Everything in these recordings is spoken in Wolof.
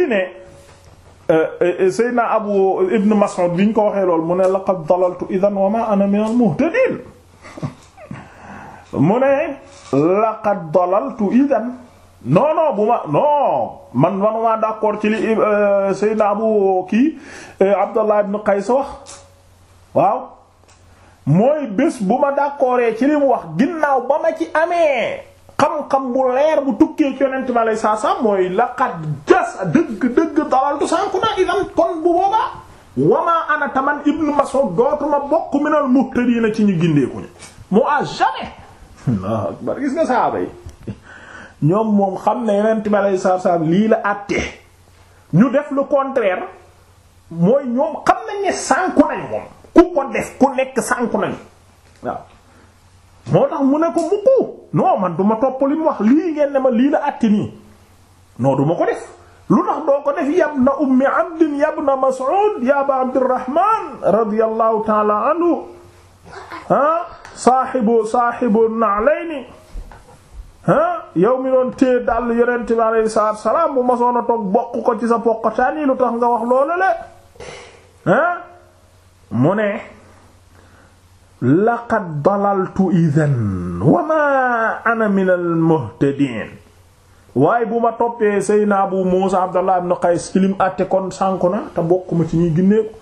kii ne euh, euh, euh, Seydina Abu Ibn Mas'ud bi ñu ko waxee lool mu ne laqad dalaltu idan wa ma ana min muhtadin mu ne laqad dalaltu idan non non bu ma non man manumaa d'accord ci li Seydina Abu kii Abdallah ibn Qays wax waaw mooy bés bu ma d'accordee ci li mu wax ginnaaw ba ma ci amee xam-xam bu leer bu tukkee ci ma lay saa mooy laqad tas dëgg dëgg dalaltu sànku naa idan kon bu boobaa wamaa ana taman ibnu Mas'ud dootuma bokk minal muhtadiina ci ñu gindeeku ñi moo yi ñoom moom xam ne yeneen la àtte ñu def le contraire xam nañ ne sànku nañ moom ku ko def ku nekk sànku nañ waaw moo tax mu ne ko mukku non man du ma li mu wax lii ngeen ne ma lii la àtte nii non du ko def lu tax doo ko def yab na ummi abdin yab na mas'ud ya aba abdirahman radiyallahu taala anhu ah saahibu saahibu na'layni ah yow mi doon téye dàll yonent bi alayhi salaatu salaam bu masoon a toog bokk ko ci sa poqataan yi lu tax nga wax loolu le ah mu ne laqad dalaltu idhan wa ma ana min al muhtadin waaye bu ma toppee Seydina Abu Muusa Abdallah ibn Qays ci lim àtte kon sànku na te bokkuma ci ñuy ginneeku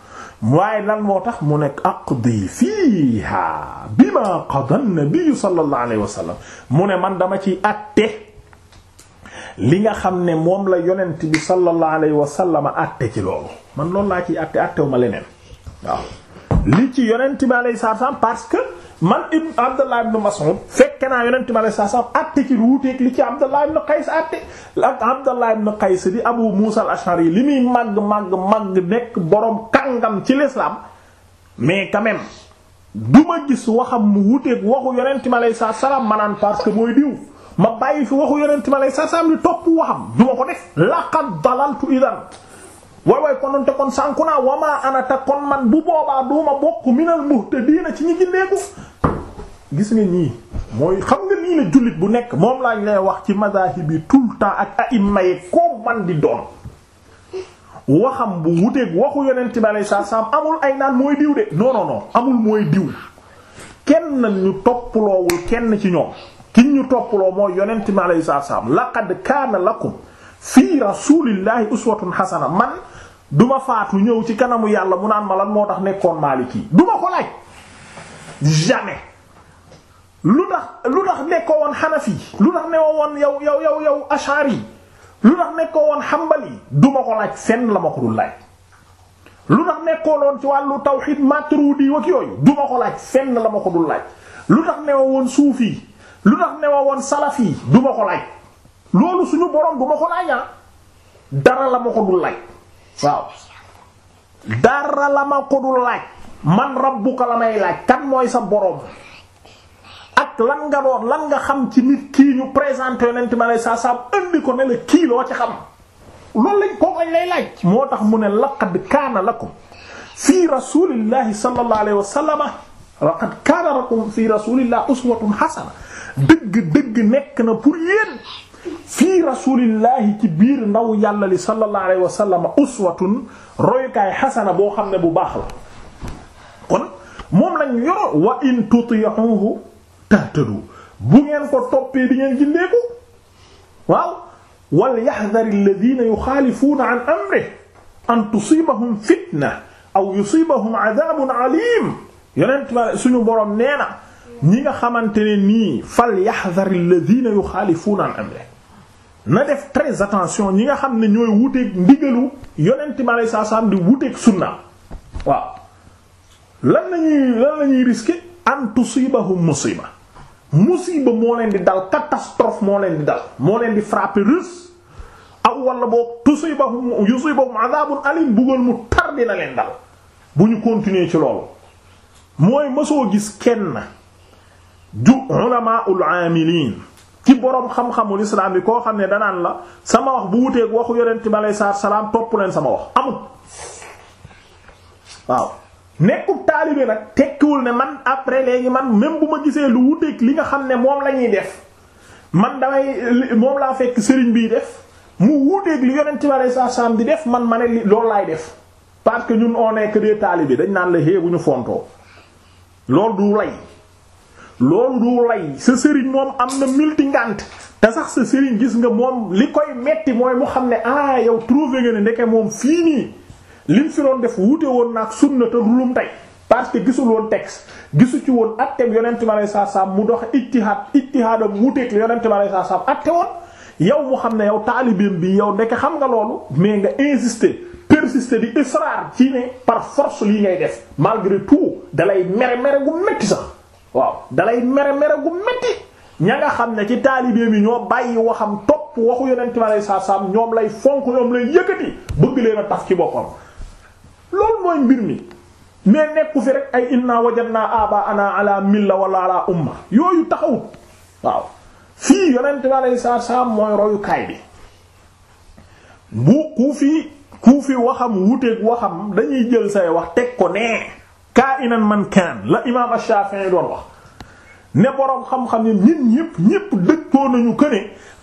waaye lan moo tax mu nekk aqdi fiiha bima qada an-nabi sallallahu alayhi wa sallam mu ne man dama ciy àtte li nga xam ne moom la yonent bi sallallahu alayhi wa sallam àtte ci loolu man loolu laa ciy àtte àttewu ma leneen waaw li ci yonent bi alayhi salaam parce que man ibn Abdallah ibn Mas'ud fekke naa yonent bi alayhi salaam àtte ci lu wuuteeg li ci Abdallah ibn Qays àtte ak Abdallah ibn Qays di Abu Musa al-Ash'ari li muy màgg màgg màgg nekk boroom kàngam ci l'islam mais quand duma du ma gis waxam mu wuuteeg waxu yonent bi alayhi salaam manaan parce que mooy diw ma bàyyi fi waxu yonent bi alayhi salaam di topp waxam du ko def laqad dalaltu idan waay waay kononte kon sànku naa wamaa ta kon man bu boobaa duma bokk minal muhtadiina ci ñi gindeeku gis nga ñii mooy xam nga nii la jullit bu nekk moom laañ lay wax ci madahib yi tout le temps ak aïma yi koo man di doon waxam bu wuteeg waxu yonent bi alei sat saam amul ay naan mooy diw de non amul mooy diw kenn ñu toppaloowul kenn ci ñoom kiñ ñu toppaloo mooy yonent bi saa sat salaam laqad kaana lakum fii rasulillahi uswatun hasana man duma ma faatu ñëw ci kanamu yàlla mu naan ma lan moo tax nekkoon Maliki du ma ko laaj lu tax lu tax nekkoo woon Hanafi lu tax ne woon yow yow yow yow Ashari lu tax nekkoo woon Hanbali du duma ko laaj fenn la ma ko laaj. lu tax nekkoo woon ci wàllu tawhid Maturidi ak yooyu du la ma laaj lu tax ne woon Suufi lu tax ne woon Salafi du ma loolu suñu borom du ma ko ah. dara la ma ko laaj. waaw dara la ma ko dul laaj man rabbuka la may laaj kan mooy sa boroom ak lan nga doon lan nga xam ci nit kii ñu présenter yonent ma lay saa saam indi ko ne la kii loo ci xam loolu lañ koo lañ lay laaj moo tax mu ne laqad kaana lakum fi rasulillahi sallallahu alayhi wa sallama laqad kaana lakum fi rasulillahi uswatun hasana dëgg dëgg nekk na pour yéen fii rasulillahi ci biir ndaw yàlla li sallallahu alayhi wa sallam uswatun royukaay xasana boo xam ne bu baax la kon moom lañ yoro wa in tuti'uhu tahtadu bu ngeen ko toppee di ngeen gindeeku waaw wal yahdhari alladhina yukhalifuna an amrihi an tusibahum fitna aw yusibahum adhabun alim yonent ma suñu borom nee na ñi nga xamante ne nii fal yahdhari alladhina yukhalifuna an amrihi na def très attention ñi nga xam ne ñooy wuteeg ndigalu yonent mi aleyhi salaam di wuteeg sunna waaw lan lañuy lan la ñuy risquer an tusibahum musiba musiba moo leen di dal catastrophe moo leen di dal moo leen di frapper rus aw wala boo tusibahum yusibahum adabun alim buggal mu tar dina leen dal bu ñu continuer ci loolu mooy mësoo gis kenn ju ulamaul amilin ci boroom xam-xamul islam bi koo xam ne danaan la sama wax bu wuteeg waxu yonent bi aleyhi salaatu salaam topp leen sama wax amul waaw nekkul taalibe nag tekkiwul ne man après léegi man même bu ma gisee lu wuteeg li nga xam ne moom la ñuy def man damay moom laa fekk sëriñ bi def mu wuteeg li yonent bi aleyhi salaatu salaam di def man ma ne li loolu laay def parce que ñun on est que des dañ naan la xëy bu ñu fontoo loolu du lay. loolu du lay sa sëriñ moom am na milti ngànt te sax sa sëriñ gis nga moom li koy metti mooy mu xam ne ah yow trouvé nga ne ndeke moom fii nii lim fi doon def wuute woon naag sunna te dulum tey parce que gisul woon texte gisu ci woon atteem yonent ma lay saa saam mu dox ijtihaad ijtihaadam wuuteeg li yonent ma lay saa saam atte woon yow mu xam ne yow taalibeem bi yow ndeke xam nga loolu mais nga insister persister di israr ci ne par force lii ngay def malgré tout dalay mere mere gu metti sax dalay mere mere gu metti ña nga xam ne ci taalibe bi ñoo bàyyi waxam topp waxu yonent bi alayhi salaam ñoom lay fonk ñoom lay yëkkati bëgg leen a taf ci boppam loolu mooy mbir mi mais nekku fi rek ay inna wajadna aba ana ala milla wala ala umma yooyu taxawut waaw fii yonent bi alayhi salaam mooy royukaay bi bu ku fi ku waxam wuteeg waxam dañuy jël say wax teg ko nee kaa inan man kaan la imaam Shaafi'i doon wax ne boroom xam-xam yi ñun ñëpp ñëpp dëkkoo nañu que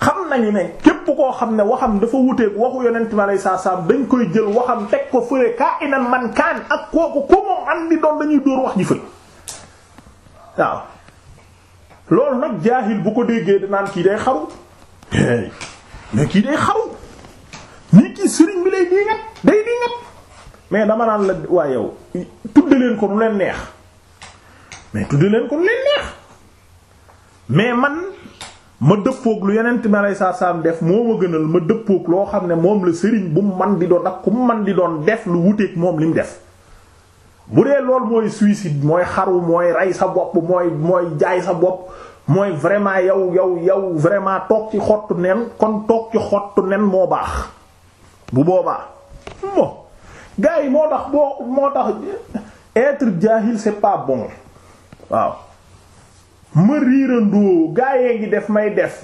xam nañu ne képp koo xam ne waxam dafa wuteeg waxu yonent bi alayhi salaam dañ koy jël waxam teg ko fële kaa inan man kaan ak kooku ku moom am di doon dañuy dóor wax ji fële waaw. loolu nag jaahil bu ko déggee danaan kii day xaru mais kii day xaru nit ki sëriñ bi lay diingat day diingat mais dama naan la waa yow tudde leen ko nu leen neex mais tudde ko nu leen neex. mais man ma dëppoog lu yeneen ma lay saa saam def moo ma gënal ma dëppook loo xam ne moom la sëriñ bu mu man di doon ak ku mu man di doon def lu wuteeg moom li mu def bu dee loolu mooy suiside mooy xaru mooy rey sa bopp mooy mooy jaay sa bopp mooy vraiment yow yow yow vraiment toog ci xottu nen kon toog ci xottu nen moo baax bu boobaa mo gars yi moo tax boo moo tax être jaahil c'est bon waaw ma riirandoo gaa yee ngi def may def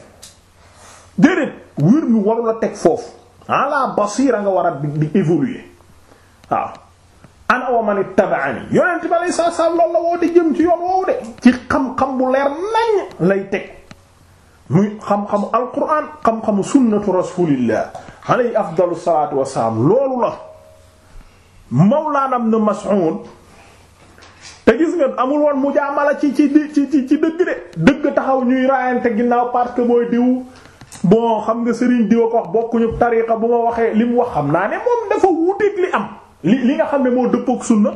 déedéet wir mi waru teg foofu ala basira nga war a di évoluer waaw ana wa man ittaba'ani yonent bi saa salaam loolu la woo de jëm ci yoon woowu de ci xam-xam bu leer nañ lay teg muy xam-xamu alquran xam-xamu sunnatu rasulillah alayhi afdalu salaatu wassalaam loolu la mawlaana ibn Mas'ud te gis nga amul woon mujaamala ci ci ci ci dëgg de dëgg taxaw ñuy raayante ginnaaw parce que mooy diw bon xam nga Serigne diw ko wax bokkuñu tariqa bu ma waxee li mu wax xam naa ne moom dafa wuteek li am li li nga xam ne moo dëppoo ak na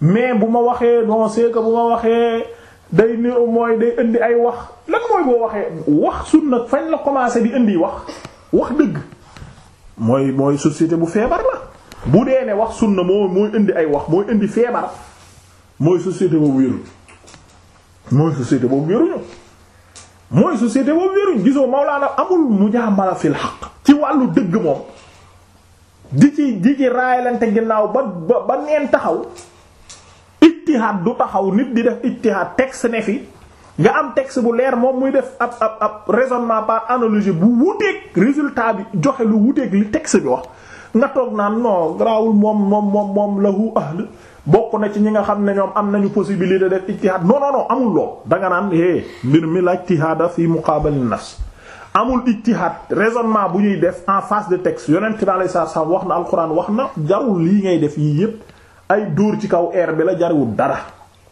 mais bu ma waxee non c'est waxee day niru mooy day indi ay wax lan mooy boo waxee wax sunna fañ la commencé di indi wax wax dëgg mooy mooy société bu feebar la bu dee ne wax na moo mooy indi ay wax mooy indi feebar. mooy société boobu wéruñ mooy société boobu wéruñu mooy société boobu wéruñ gisoo Mawlaana amul mu mujaamala fil haqq ci wàllu dëgg moom di ci di ci raayalante ginnaaw ba ba ba neen taxaw ittihaad du taxaw nit di def ittihaad texte ne fi nga am texte bu leer moom muy def ab ab ab raisonnement par analogie bu wuteeg résultat bi joxe lu wuteeg li texte bi wax nga toog naan non garaawul moom moom moom moom ahl bokk na ci ñi nga xam ne ñoom am nañu possibilité def ijtihaad non non non amul lool danga naan é eh, mbir mi la ijtihaada fi muqaabal nafs amul ijtihaad raisonnement bu ñuy def en face de texte yonent bi alei sa salaam wax na alxuraan wax na jarul lii ngay def yii yépp ay dóor ci kaw air bi la jariwul dara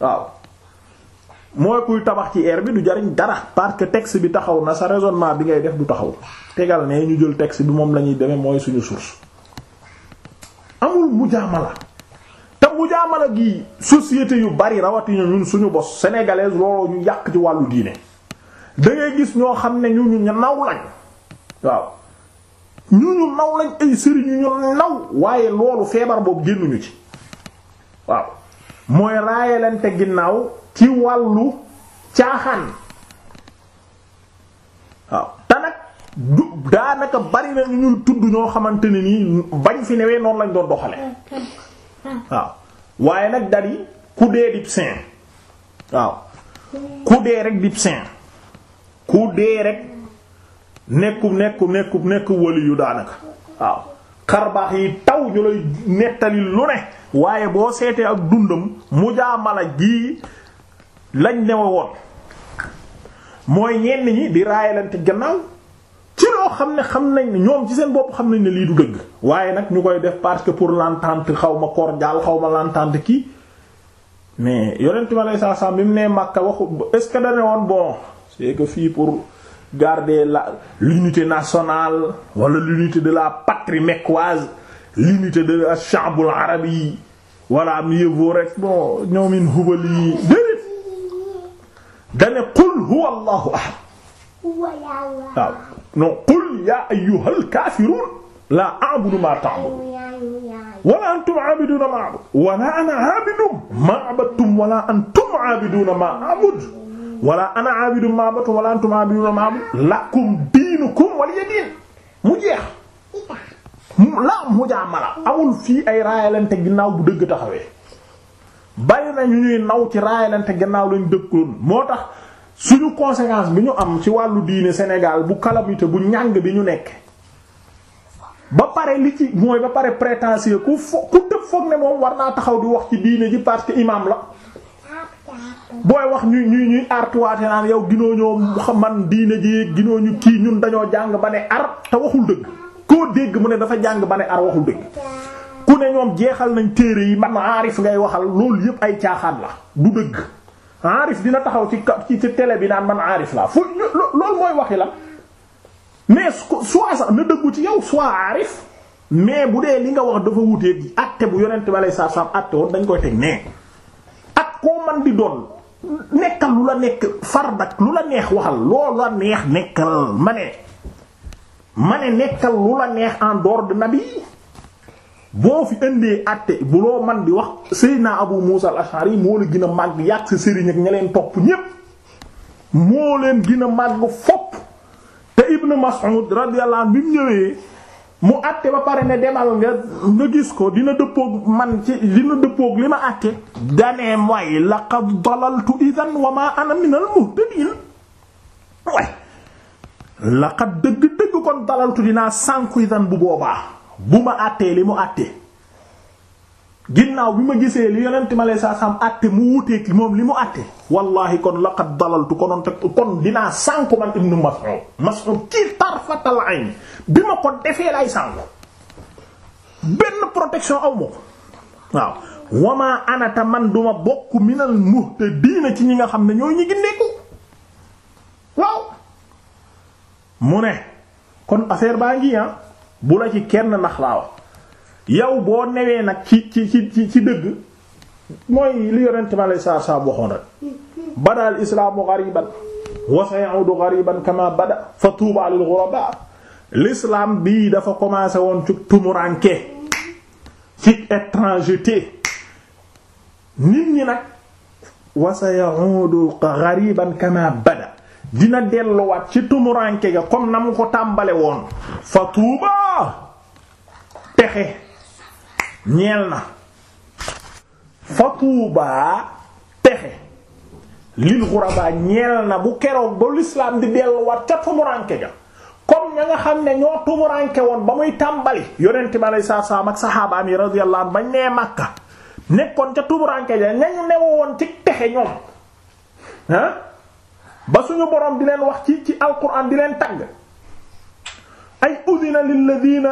waaw mooy kuy tabax ci air bi du jariñ dara parce que texte bi taxaw na sa raisonnement bi ngay def du taxaw tegal ne ñu jël texte bi moom la ñuy demee mooy suñu source amul mujaamala te mujaamala gi société yu bari rawatina ñun suñu bos sénégalaise looloo ñu yàq ci wàllu diine da gis ñoo xam ne ñu ñu naw lañ waaw ñu ñu naw lañ ay sëriñ ñu ñu naw waaye loolu feebar boobu génnuñu ci waaw mooy raayalante ginnaaw ci wàllu caaxaan waaw te nag du daanaka bari na ñu ñuy tudd ñoo xamante ne nii bañ fi newee noonu lañ doon doxale Ah. waaw waaye nag dal yi ku dee dib saint waaw ku dee rek dib saint ku dee rek nekku nekku nekku nekku wali yu daanaka waaw xarbaax yi taw ñu lay nettali lu ne waaye boo seetee ak dundam mujaamala gii lañ newe woon mooy ñenn ñi di raayalante gannaaw loo xam ne xam nañ ne ñoom ci seen bopp xam nañ ne lii du dëgg waaye nag ñu koy def parce que pour l'entente xaw ma cordiale xaw ma l'entente kii mais yonent mi alayhi salaam bi mu nee Makka waxu est-ce que da woon boo c'est que fii pour garder la l'unité nationale wala l'unité de la patrie mecquoise l'unité de la sha'bul arabi wala mieux vaut rek bon ñoomin hubal yi déedéet qul huwa allahu ahad non qul yaa ayyuhal kaafiruun a a'budu maa ta'buduun wala antum wala antum aabiduuna maa a'bud wala ana aabidun maa a'bud lakum diinukum waliya diin mu jeex la mujaamala amul fii ay raayalante ginnaaw bu dëgg taxawee bari na ñu ñuy naw ci raayalante ginnaaw lañ dëkkoon moo tax suñu conséquence bi ñu am ci wàllu diine Sénégal bu calamité bu ñàng bi ñu nekk ba pare li ci mooy ba pare prétentieux ku fo ku tëb foog ne moom war naa taxaw di wax ci diine ji parce que imam la booy wax ñu ñuy ñuy artuwaate naan yow ginoo ñoo man diine ji ginoo ñu kii ñun dañoo jàng ba ne ar te waxul dëgg koo dégg mu ne dafa jàng ba ne ar waxul dëgg ku ne ñoom jeexal nañ téere yi man aarif ngay waxal loolu yépp ay caaxaan la du dëgg aarif dina taxaw ci ci ci télé bi naan man aarif laa fu loolu mooy waxi la mais soit sax na dëggu ci yow soit aarif mais bu dee li nga wax dafa wuteeg acte bu yonent bi alay saa saam acte woon dañ koy teg nee ak koo man di doon nekkal lu la nekk fardak lu la neex waxal loolu la neex nekkal mane ne ma ne nekkal lu la neex en dehors de nabi boo fi indee àtte bu loo man di wax Seydina Abu Musa al moo la gën a màgg yàq sa sëriñ ak ña leen topp ñépp moo leen gën a màgg fopp te Ibn Mas'ud radiyallahu anhu bi mu ñëwee mu àtte ba pare ne demal nga nga gis ko dina dëppoog man ci dina dëppoog li ma àtte danee way laqad dalaltu idan wa ma ana min al muhtadin way laqad dëgg dëgg kon dalaltu dinaa sànku idan bu boobaa bu ma àttee li mu àttee ginnaaw bi ma gisee li yonent ma lay saa saam àtte mu wuteeg moom li mu àtte wallahi kon laqad dalaltu konoon te kon dinaa sànku man ibnu Mas'ud Mas'ud ci tarfatal ayn bi ma ko defee lay sànku benn protection aw ma ko waaw wamaa anata man duma bokk minal muhtadiina ci ñi nga xam ne ñooy ñi gindeeku waaw mu ne kon affaire baa ngi ah bu la ci kenn nax laa wax yow boo newee nag ci ci ci ci dëgg mooy li yonent ma saa saa waxoon rek badaal islaamu ghariban wa sayaudu ghariban kama bada fa tuuba lil bii dafa commencé woon ci tumuranke ci étrangeté nit ñi nag wa sayaudu ghariban kama bada dina delluwaat ci tumuranke ga comme na mu ko tàmbale woon fa tuuba waaw texe ñeel na fa tuubaa texe lil xurabaa ñeel na bu keroog ba lislaam di delluwaat ca tumuranke ga comme ña nga xam ne ñoo tumuranke woon ba muy tàmbali yonent bi alay saa saam ak saxaabaam yi radiyallahu anhu bañ nee Makka nekkoon ca tumuranke ja ñañ newoon ci texe ñoom ah ba suñu borom di leen wax ci ci alquran di leen tagg ay udina lilladina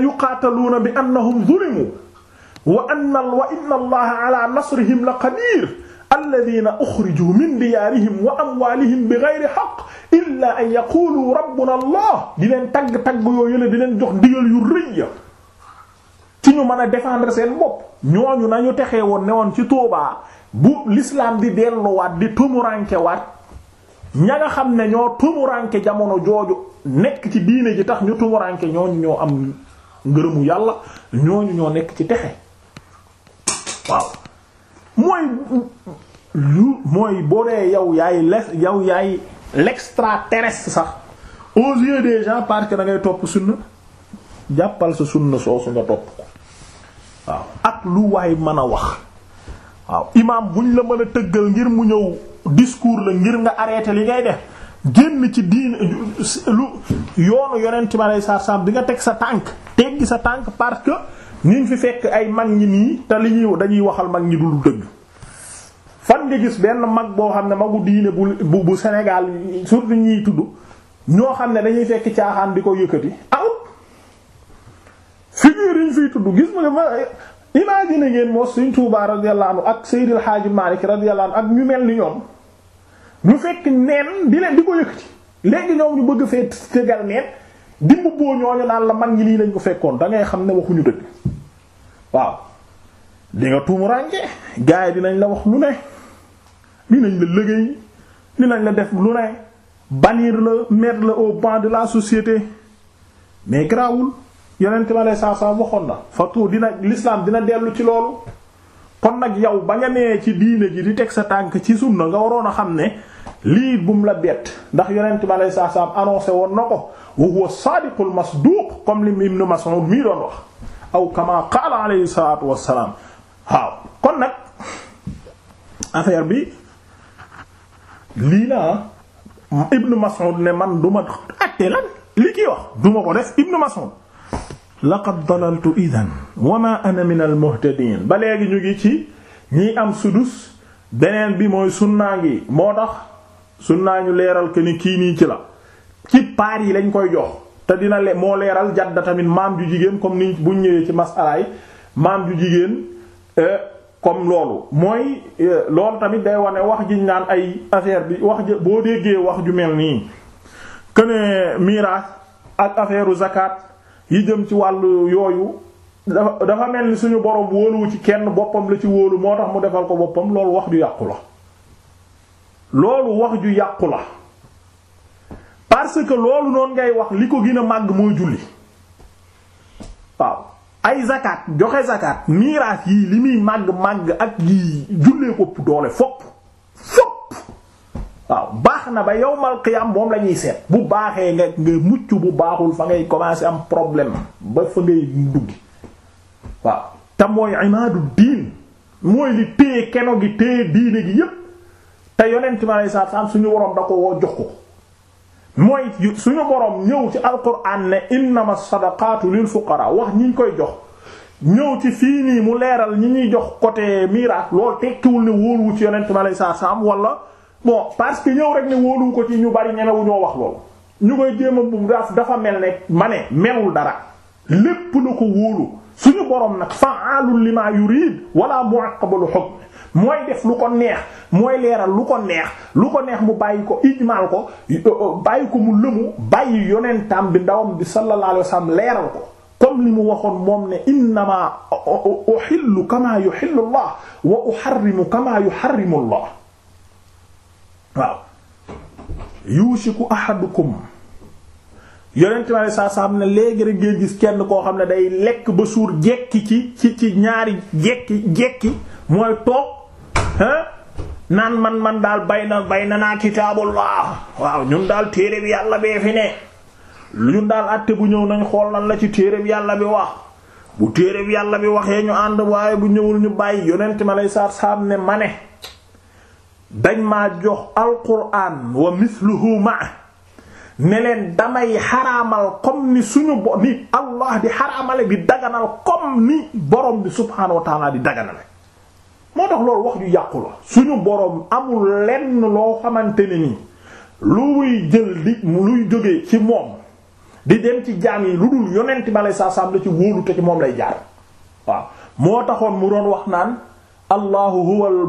yuqaataluuna bi annahum zulimu wa anna wa inna allaha ala nasrihim la qadir alladina uxrijuu min diyaarihim wa amwaalihim bi gayri xaq illa an yaqulu rabbuna allah di leen tagg tagg yoo yële di leen jox digal yu rëy ya ci ñu mën a défendre seen bopp ñooñu nañu texee woon ne woon ci Tuubaa bu l'islam di delluwaat di tumurankewaat ña nga xam ne ñoo tumuranke jamono jooju nekk ci diine ji tax ñu tumuranke ñooñu ñoo am ngërëmu yàlla ñooñu ñoo nekk ci texe waaw mooy lu mooy boo dee yow yaay les yow yaay l'extraterrestre sax aux yeux des gens parce que ngay topp sunna jàppal sa sunna soosu nga topp ko waaw ak lu waay mën a wax waaw imaam buñ la mën a tëggal ngir mu ñëw discours la ngir nga arrêté li ngay def génn ci diine lu yoonu yonent mi aleyhi salaatu salaam bi nga teg sa tànk teggi sa tànk parce que niñ fi fekk ay mag ñi nii te li ñuy dañuy waxal mag ñi dul dëgg fan nga gis benn mag boo xam ne magu diine bu bu Sénégal surtout ñiy tudd ñoo xam ne dañuy fekk caaxaan di ko yëkkati amut ah, oh! figure yi ñu fiy tudd gis nga ma imagine ngeen moo Sëriñ Tuubaa radiyallahu ak Seydil Haaji Maalik radiyallahu anhu ak ñu mel ni ñoom ñu fekk neen di leen di ko yëkkati léegi ñoom ñu bëgg fee tëgal neen di mbubboo ñooñu naan la mag ñi lii lañ ko fekkoon dangay xam ne waxuñu dëgg waaw di nga tuumurànke yi dinañ la wax lu ne dinañ la liggéey dinañ la def lu ne bannir la mettre la au ban de la société mais garaawul yonent ma la saa waxoon na fatu dina l'islam dina dellu ci loolu kon nag yow ba nga nee ci diine ji di teg sa tànk ci sunna nga waroon a xam ne lii bum la bett ndax yonent bi alayhi salaam annoncé woon na ko wa huwa saadiqul masduuq comme li Ibn Mas'ud mii doon wax aw kama qaala alayhi salaatu wassalaam waaw kon nag affaire bi lii la Ibn Mas'ud ne man duma àtte lan li kii wax duma ko def Ibn Mas'ud laqad dalaltu idan wa ma ana min al muhtadin ba léegi ñu ngi ci ñiy am sudus beneen bi mooy naa ngi moo tax naa ñu leeral que kii nii ci la ci paar yi lañ koy jox te dina le moo leeral jadda tamit maam ju jigéen comme ni buñ ñëwee ci masalaay maam ju jigéen euh, comme loolu mooy euh, loolu tamit day wane wax jiñ naan ay affaire bi wax boo déggee wax ju mel nii que ne miraas ak affaire u yi jëm ci wàllu yooyu dafa mel ni suñu borom wóoluwu ci kenn boppam la ci wóolu moo tax mu defal ko boppam loolu wax ju yàqu la loolu wax ju yàqu la parce que loolu noonu ngay wax li ko gën a màgg mooy julli waaw ay zakat joxe zakat miraas yii li muy màgg màgg ak yi jullee ko doole fopp waaw baax na ba yowmal qiyam moom la ñuy seet bu baaxee nga nga mucc bu baaxul fa ngay commencer am problème ba fa ngay duggi waaw te mooy imaadu diin gi téye diine gi yépp te yonent mi alei satu suñu boroom da ko jox ko mooy suñu boroom ñëw ci alquran ne innama sadaqatu lil fuqara wax ñi ñu koy jox ñëw ci fii nii mu leeral ñi ñuy jox côté miracle loolu tekkiwul ne wóoruwu ci yonent mi alei satu salaam wala bon parce que ñëw rek ne wóoluwu ko ci ñu bari ñemewu ñoo wax loolu ñu koy jéem a bu dafa mel ne ma ne melul dara lépp lu ko wóolu suñu borom nag fa'aalul lima yurid wala mu'aqqabul hukm mooy def lu ko neex mooy leeral lu ko neex lu ko neex mu bàyyi ko ijmaal ko bàyyi ko mu lëmu bàyyi yonentam bi ndawam bi sallallahu alayhi wasallam leeral ko comme li mu waxoon moom ne innama uhillu kama yuhillu Allah wa uharrimu kama yuharrimu Allah waaw yuusiku ahadukum yonent bi saa saa am ne léegi rek gis kenn koo xam ne day lekk ba suur jekki ci ci ci ñaari jekki jekki mooy toog ah naan man man daal bay na bay na naa kitaabullah waaw ñun daal téere yàlla bee fi ne ñun daal àtte bu ñëw nañ xool lan la ci téere yàlla bi wax bu téere yàlla bi waxee ñu ànd waaye bu ñëwul ñu bàyyi yonent ma lay saa saa ne ma ne dañ ma jox alquran wa mithluhu ma ne leen damay xaraamal comme ni suñu bo ni allah di xaraamale di daganal comme ni borom bi subhaanahu wa di daganale moo tax loolu wax ju yàqu la suñu borom amul lenn loo xamante ne ni lu muy jël di luy jógee ci moom di dem ci jaam yi lu dul yonent bi aley saa la ci wóolu ci moom lay jaar waaw moo taxoon mu doon wax naan allahu huwa al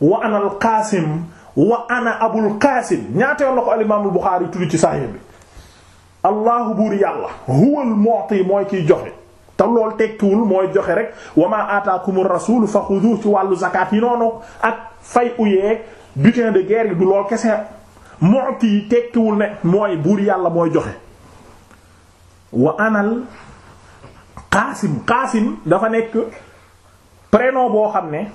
wa ana al qaasim wa ana abul qaasim ñaateel la ko al imaamul buxaari tudd ci saxiix bi allahu buur yàlla huwal mu'ti mooy kiy joxe te lool tekkiwul mooy joxe rek wa ma ataakumur rasul fa xuduuh ci wàllu zakat yi ak fay uyeeg butin de guerre du lool kese mu'ti yi tekkiwul ne mooy buur yàlla mooy joxe wa anal qaasim qaasim dafa nekk prénom boo xam ne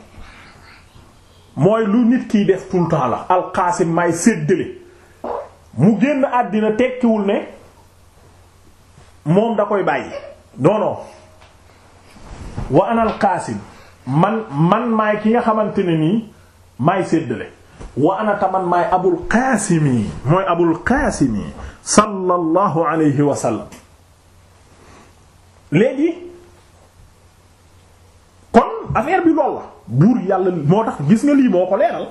mooy lu nit kiy def tout le temps la alxaasim may séddale mu génn àddina tekkiwul ne moom da koy bàyyi non non wa ana alxaasim man man maay ki nga xamante ne nii maay séddale wa ana taman maay abul xaasim mooy abul xaasim yi sallallahu alayhi léegi affaire bi lool la buur yàlla moo tax gis nga lii moo ko leeral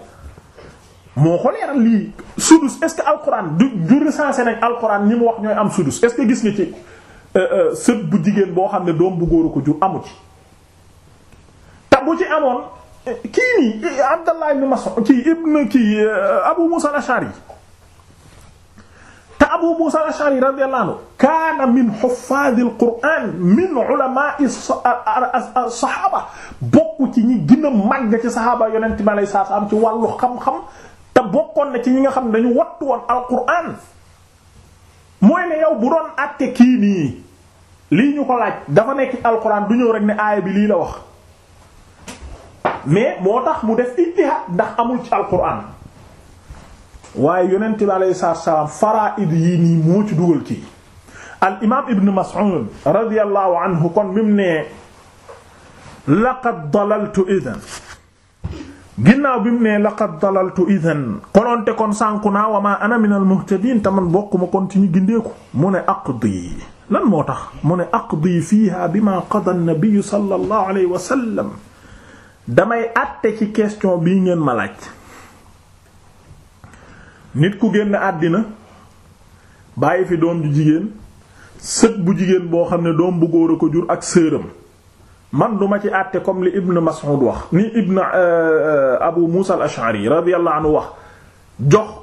moo ko leeral lii sudus est-ce que alxuraan du du recensé nañ alxuraan ñi mu wax ñooy am sudus est-ce que gis nga ci euh, euh, sët bu jigéen boo xam ne doom bu góor ko jur amu ci te bu ci amoon kii nii Abdallah ibn Mas'ud kii ibn kii euh, Abu Musa al yi te Abu Musa al-Ash'ari radiyallahu anhu kaana min huffaadil Qur'aan min ulamaa'i saxaaba bokk ci ñi gën a màgg ci saxaaba yonent bi alayhi salaatu salaam ci wàllu xam-xam te bokkoon na ci ñi nga xam ne dañu wattu woon al-Qur'aan mooy ne yow bu doon àtte kii nii lii ñu ko laaj dafa nekk al-Qur'aan du ñëw rek ne aaya bi lii la wax mais moo tax mu def ijtihaad ndax amul ci al-Qur'aan waaye yonent bi alayhi salaam faraa'id yi nii moo ci dugal kii al imaam Ibn Mas'ud radiyallahu anhu kon mim ne laqad idan ginnaaw bi mu ne laqad dalaltu idan kononte kon sànku naa wa maa ana min al muhtadiin taman bokkuma kon ci ñu gindeeku aqdi lan moo tax mu ne aqdi fiiha bima qada an-nabiy sallallahu alayhi wa damay àtte ci question bii ngeen ma laaj nit ku génn àddina bàyyi fi doom ju jigéen sët bu jigéen boo xam ne doom bu góor a ko jur ak sëram man duma ci àtte comme li Ibn Mas'ud wax ni Ibn euh, euh, Abu Musa al-Ash'ari radiyallahu anhu wax jox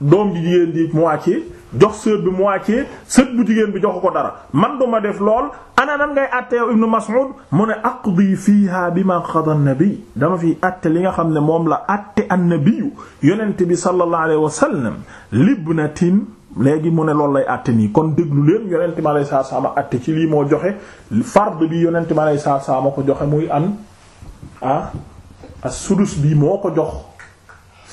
doom ji jigéen ji moitié jox sët bi moitié sët bu jigéen bi jox ko dara man duma def lool ana nan ngay àtte yow ibnu Mas'ud mu ne aqdi fiiha bima qada an-nabi dama fi àtte li nga xam ne moom la àtte an-nabi yonent bi sallallahu alayhi wa sallam libnatin léegi mu ne loolu lay àtte nii kon déglu leen yonent bi alayhi salaatu salaam àtte ci lii moo joxe fard bi yonent bi alayhi salaatu salaam ko joxe muy an ah as-sudus bi moo ko jox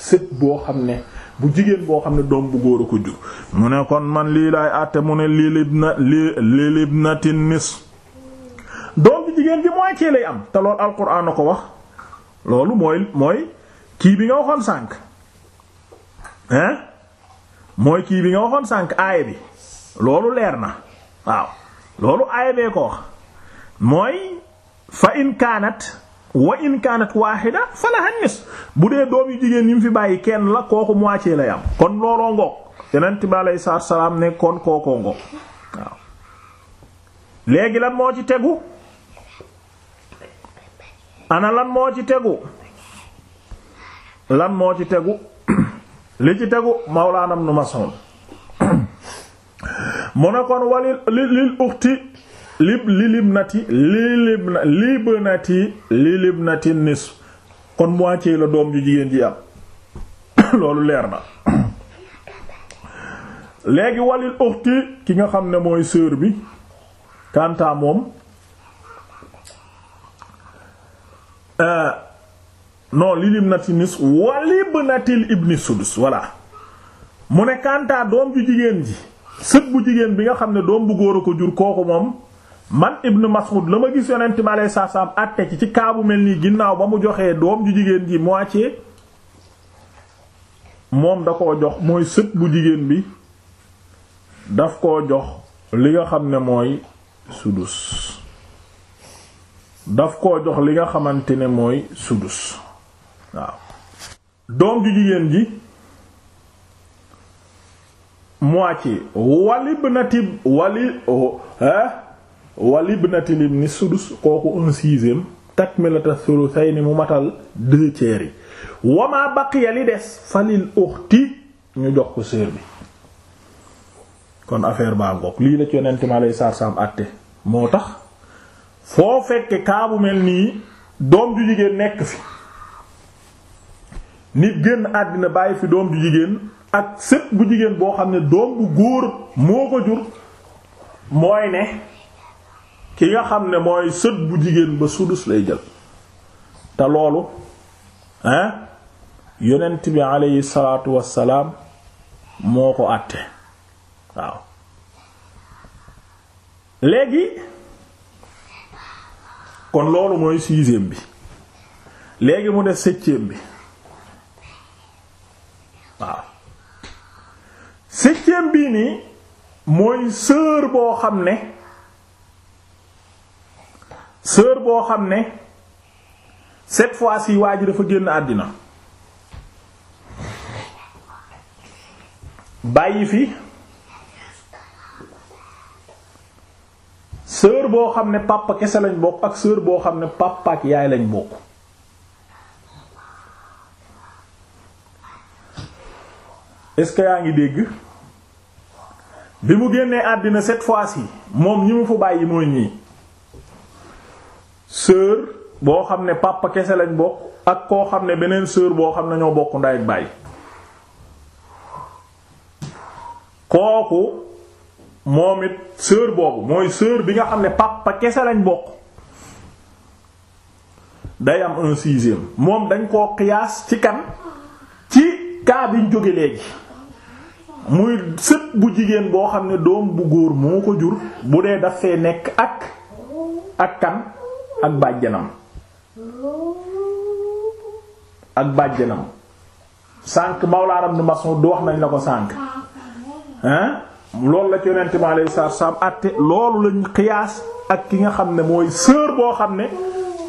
sët boo xam ne bu jigéen boo xam ne doom bu góor a ko jur mu ne kon man lii lay àtte mu ne lilib na li lilib nati nis doom bu jigéen bi moitié lay am te loolu alquran a ko wax loolu mooy mooy kii bi nga waxoon sànq hein mooy kii bi nga waxoon sànq aaya bi loolu leer na waaw loolu aaya bee ko wax mooy fa in kaanat wa in kaanat waaxida falaha nis bu dee doom yu jigéen yi mu fi bàyyi kenn la kooku moitié lay am kon looloo ngoog yonent bi alayhi salaatu salaam ne kon kookoo ngoog léegi lan moo ci tegu ana lan moo ci tegu lan moo ci tegu li ci tegu mawlaanam nu Mas'ud mu ne kon walil lil uxti lib li libnati li libna libnati nis kon moitié la doom ju jigéen ji am loolu leer na léegi walil uxti ki nga xam ne mooy sœur bi kanta moom euh, non li libnati nis walibnatil ibni sudus voilà mu ne kanta doom ju jigéen ji sët bu jigéen bi nga xam ne doom bu góor a ko jur kooku moom man ibnu Mas'ud la ma gis yonent ma lay saaf saaf àtte ci ci kaabu mel nii ginnaaw ba mu joxee doom ju jigéen ji moitié moom da koo jox mooy sët bu jigéen bi daf koo jox li xam ne mooy sudus daf koo jox li nga xamante ne mooy sudus waaw jigéen ji moitié walib natib wali ah eh? wal ibnati libni sudus kooku un sixième takmilata thuluthayn mu matal deux tiers yi wamaa baqiya li des falil uxti ñu jox ko sœur bi kon affaire baa ngoog lii la ci yonent lay saar àtte moo tax foo fekkee kaabu mel nii doom ju jigéen nekk fi nit génn àddina bàyyi fi doom ju jigéen ak sët bu jigéen boo xam ne doom bu góor moo ko jur mooy ne ki nga xam ne mooy sët bu jigéen ba sudus lay jël te loolu hein yonent bi aleyhi salaatu wassalaam moo ko àtte waaw léegi kon loolu mooy sixième bi léegi mu def septième bi waaw septième bii nii mooy sœur boo xam ne sœur boo xam ne set fois-ci waa ji dafa génn àddina bàyyi fi sœur boo xam ne papa kese lañ bokk ak sœur boo xam ne papa ak yaay lañ bokk est-ce yaa ngi dégg bi mu génnee àddina set fois yi moom ñi mu fa bàyyi mooy ñii sœur boo xam ne papa kese lañ bokk ak koo xam ne beneen sœur boo xam ne ñoo bokk ndey ak baay kooku moom it sœur boobu mooy sœur bi nga xam ne papa kese lañ bokk day am un sixième moom dañ koo qiyaas ci kan ci cas jóge léegi muy sët bu jigéen boo xam ne doom bu góor moo ko jur bu dee daf fee nekk ak ak kan ak bàjjanam ak bàjjanam sànq Mawlaana Ibn Mas'ud du wax nañ la ko sànq hein loolu la ci yonent mi alayhi loolu lañ xiyaas ak ki nga xam ne mooy sœur boo xam ne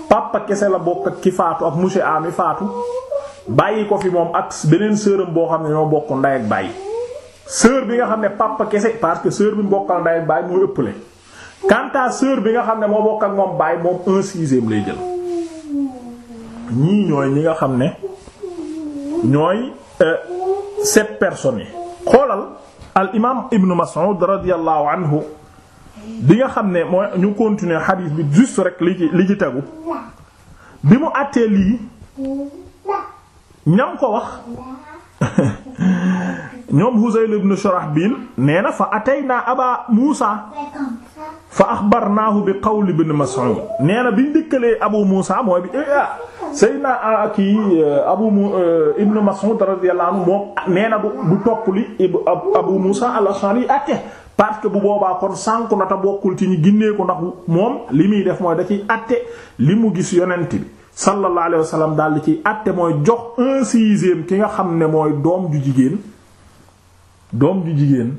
papa kese la bokk ak ki faatu ak monsieur ami faatu bàyyi ko fi moom ak beneen sœuram boo xam ne ñoo bokk nday ak bàyyi sœur bi nga xam ne papa kese parce que sœur bi mu bokkal nday ak bàyyi mooy ëppale quant à bi nga xam ne moo bokk ak moom baay moom un sixième lay jël ñii ñooy ñi nga xam ne ñooy euh, sept personnes yi xoolal al imaam ibnu Mas'ud radiyallahu anhu bi nga xam ne mooy ñu continuer xadiis bi juste rek li ci li ci tegu bi mu àttee lii ñam ko wax ñoom Huzayl ibn Shurahbil nee na fa naa Aba Muusa fa axbarnaahu bi qawli ibn Mas'ud nee na bi dëkkalee Abu Muusa mooy bi eh, Seydina ah, kii eh, Abu eh, ibn Mas'ud radiyallahu moom ah, nee na du topp li Abu Muusa al-Ash'ari atte parce que bu boobaa kon sànku na ta bokkul ci ñi gindeeku ndax moom li muy def mooy da ciy atte li mu gis yonent bi sallallahu alayhi wa daal di ciy àtte mooy jox un sixième ki nga xam ne mooy doom ju jigéen doom ju jigéen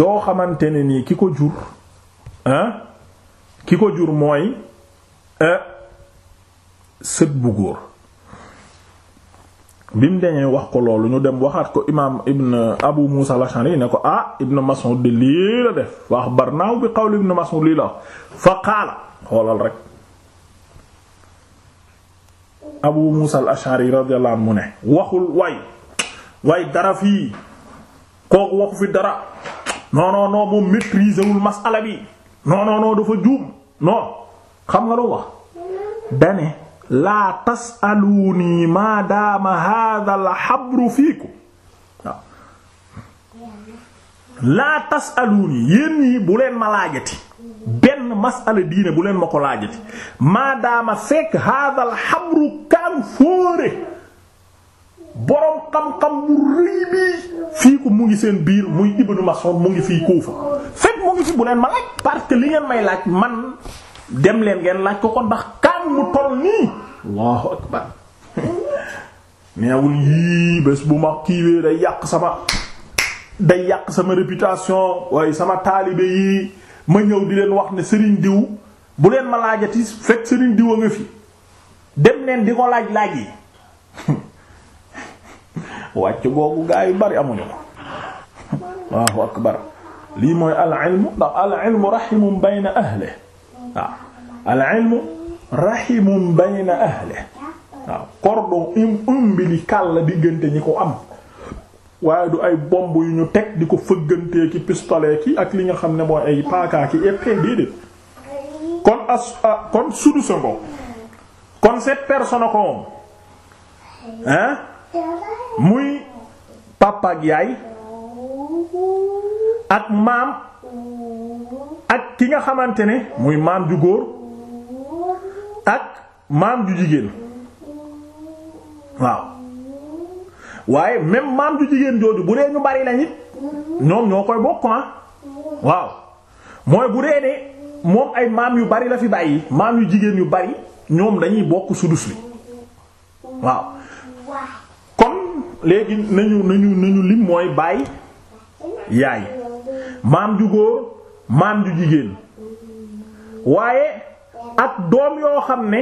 joo xamante ne nii ki ko jur ah ki ko jur mooy euh, sët bu góor bi mu deñee wax ko loolu ñu dem waxaat ko imaam ibn abu musa al-ashari ne ko ah ibn mas'ud de lii la def wax barnaaw bi qawli ibn mas'ud lii la fa qaala xoolal rek Abu Musa al-Ash'ari radiyallahu mu ne waxul waay waay dara fii kooku waxu fi dara non non moom maîtriser wul masala bi non dafa juum non xam nga lu wax dane laa tasaluunii maa daama hadha al-habru laa tasaluunii yéen ñi bu leen ma masala diine bu leen ma ko laajati maadaama fekk haadal xabru kaan fóore boroom xam-xam bu rëy bii fii ko mu ngi seen biir muy ma Mas'ud mu ngi fii Kuufa fekk mu ngi fi bu leen ma laaj parce que li ngeen may laaj man dem leen ngeen laaj ko kon ndax kaan mu toll nii Allahu akbar neewul yii bés bu ma kiiwee day yàq sama day yàq sama réputation waaye sama taalibe yi ma ñëw di leen wax ne sëriñ diw bu leen ma laajati fekk sëriñ diw a nga fi dem leen di ko laaj laaj yi wàcc googu gaa yu bari amuñu ko Allahu akbar lii mooy al ilmu ndax al ilmu rahimun bayna ahlihi al waaw cordon um, umbilical la diggante ñi ko am waaye du ay bomb yu ñu teg di ko fëggantee ki pistolet ki ak li nga xam ne mooy ay paakaa ki épée déedéet kon as ah, kon sudu sa ngo kon cette personne ko moom hein muy papa ak yaay ak maam ak ki nga xamante ne muy maam ju góor ak maam ju jigéen waaw waaye même maam ju jigéen jooju bu dee ñu bari lañ it ñoom ñoo koy bokk ah waaw mooy bu dee ne moom ay maam yu bari la fi bàyyi maam yu jigéen yu bari ñoom dañuy bokk sudus bi waaw kon léegi nañu nañu nañu lim mooy baay yaay maam ju góor maam ju jigéen waaye ak doom yoo xam ne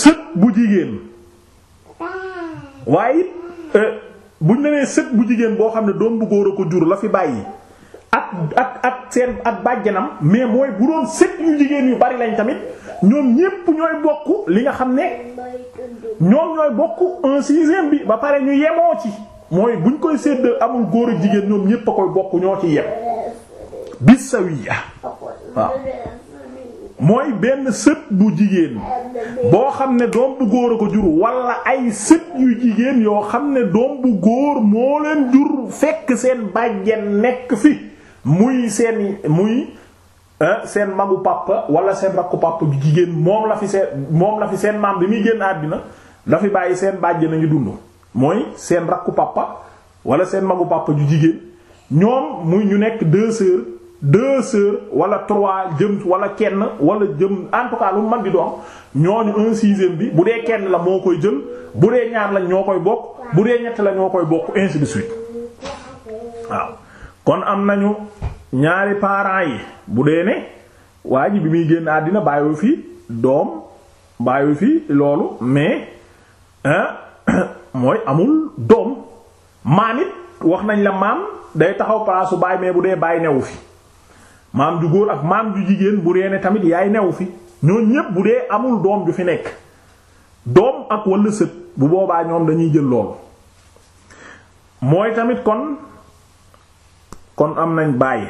sët bu jigéen waaye it euh, buñ ne nee sët bu jigéen boo xam ne doom bu góor a ko jur la fi bàyyi ak ak ak seen ak bàjjanam mais mooy bu doon sët yu jigéen yu bari lañ tamit ñoom ñépp ñooy bokk li nga xam ne ñoom ñooy bokk un sixième bi ba pare ñu yemoo ci mooy buñ koy sédd amul góor a jigéen ñoom ñépp a koy bokk ñoo ci yem bisawiya ah. waaw mooy benn sët bu jigéen boo xam ne doom bu góor a ko jur wala ay sët yu jigéen yoo xam ne doom bu góor moo leen jur fekk seen bàjjen nekk fi muy seen muy eh, seen wala seen rakku papa bi jigéen moom seen moom maam bi muy génn àddina la bàyyi seen bàjjen a ngi dund mooy seen rakku papa wala seen magu papa ju jigéen ñoom muy ñu nekk deux sœurs deux heures wala trois jëm wala kenn wala jëm en tout cas lu man di doon ñooñu un sixième bi bu dee kenn la moo koy jël bu dee ñaar lañ ñoo koy bokk bu dee ñett la ñoo koy bokk ainsi waaw kon am nañu ñaari parents yi bu dee ne waa ji bi muy génn àddina bàyyiwu fi doom bàyyiwu fi loolu mais mooy amul doom maam wax nañ la maam day taxaw palaasu baay mais bu dee bàyyi newu fi maam ju góor ak maam ju jigéen bu reene tamit yaay new fi ñoo ñépp bu dee amul doom ju fi nekk doom ak walla sët bu boobaa ñoom dañuy jël loolu mooy tamit kon kon am nañ baay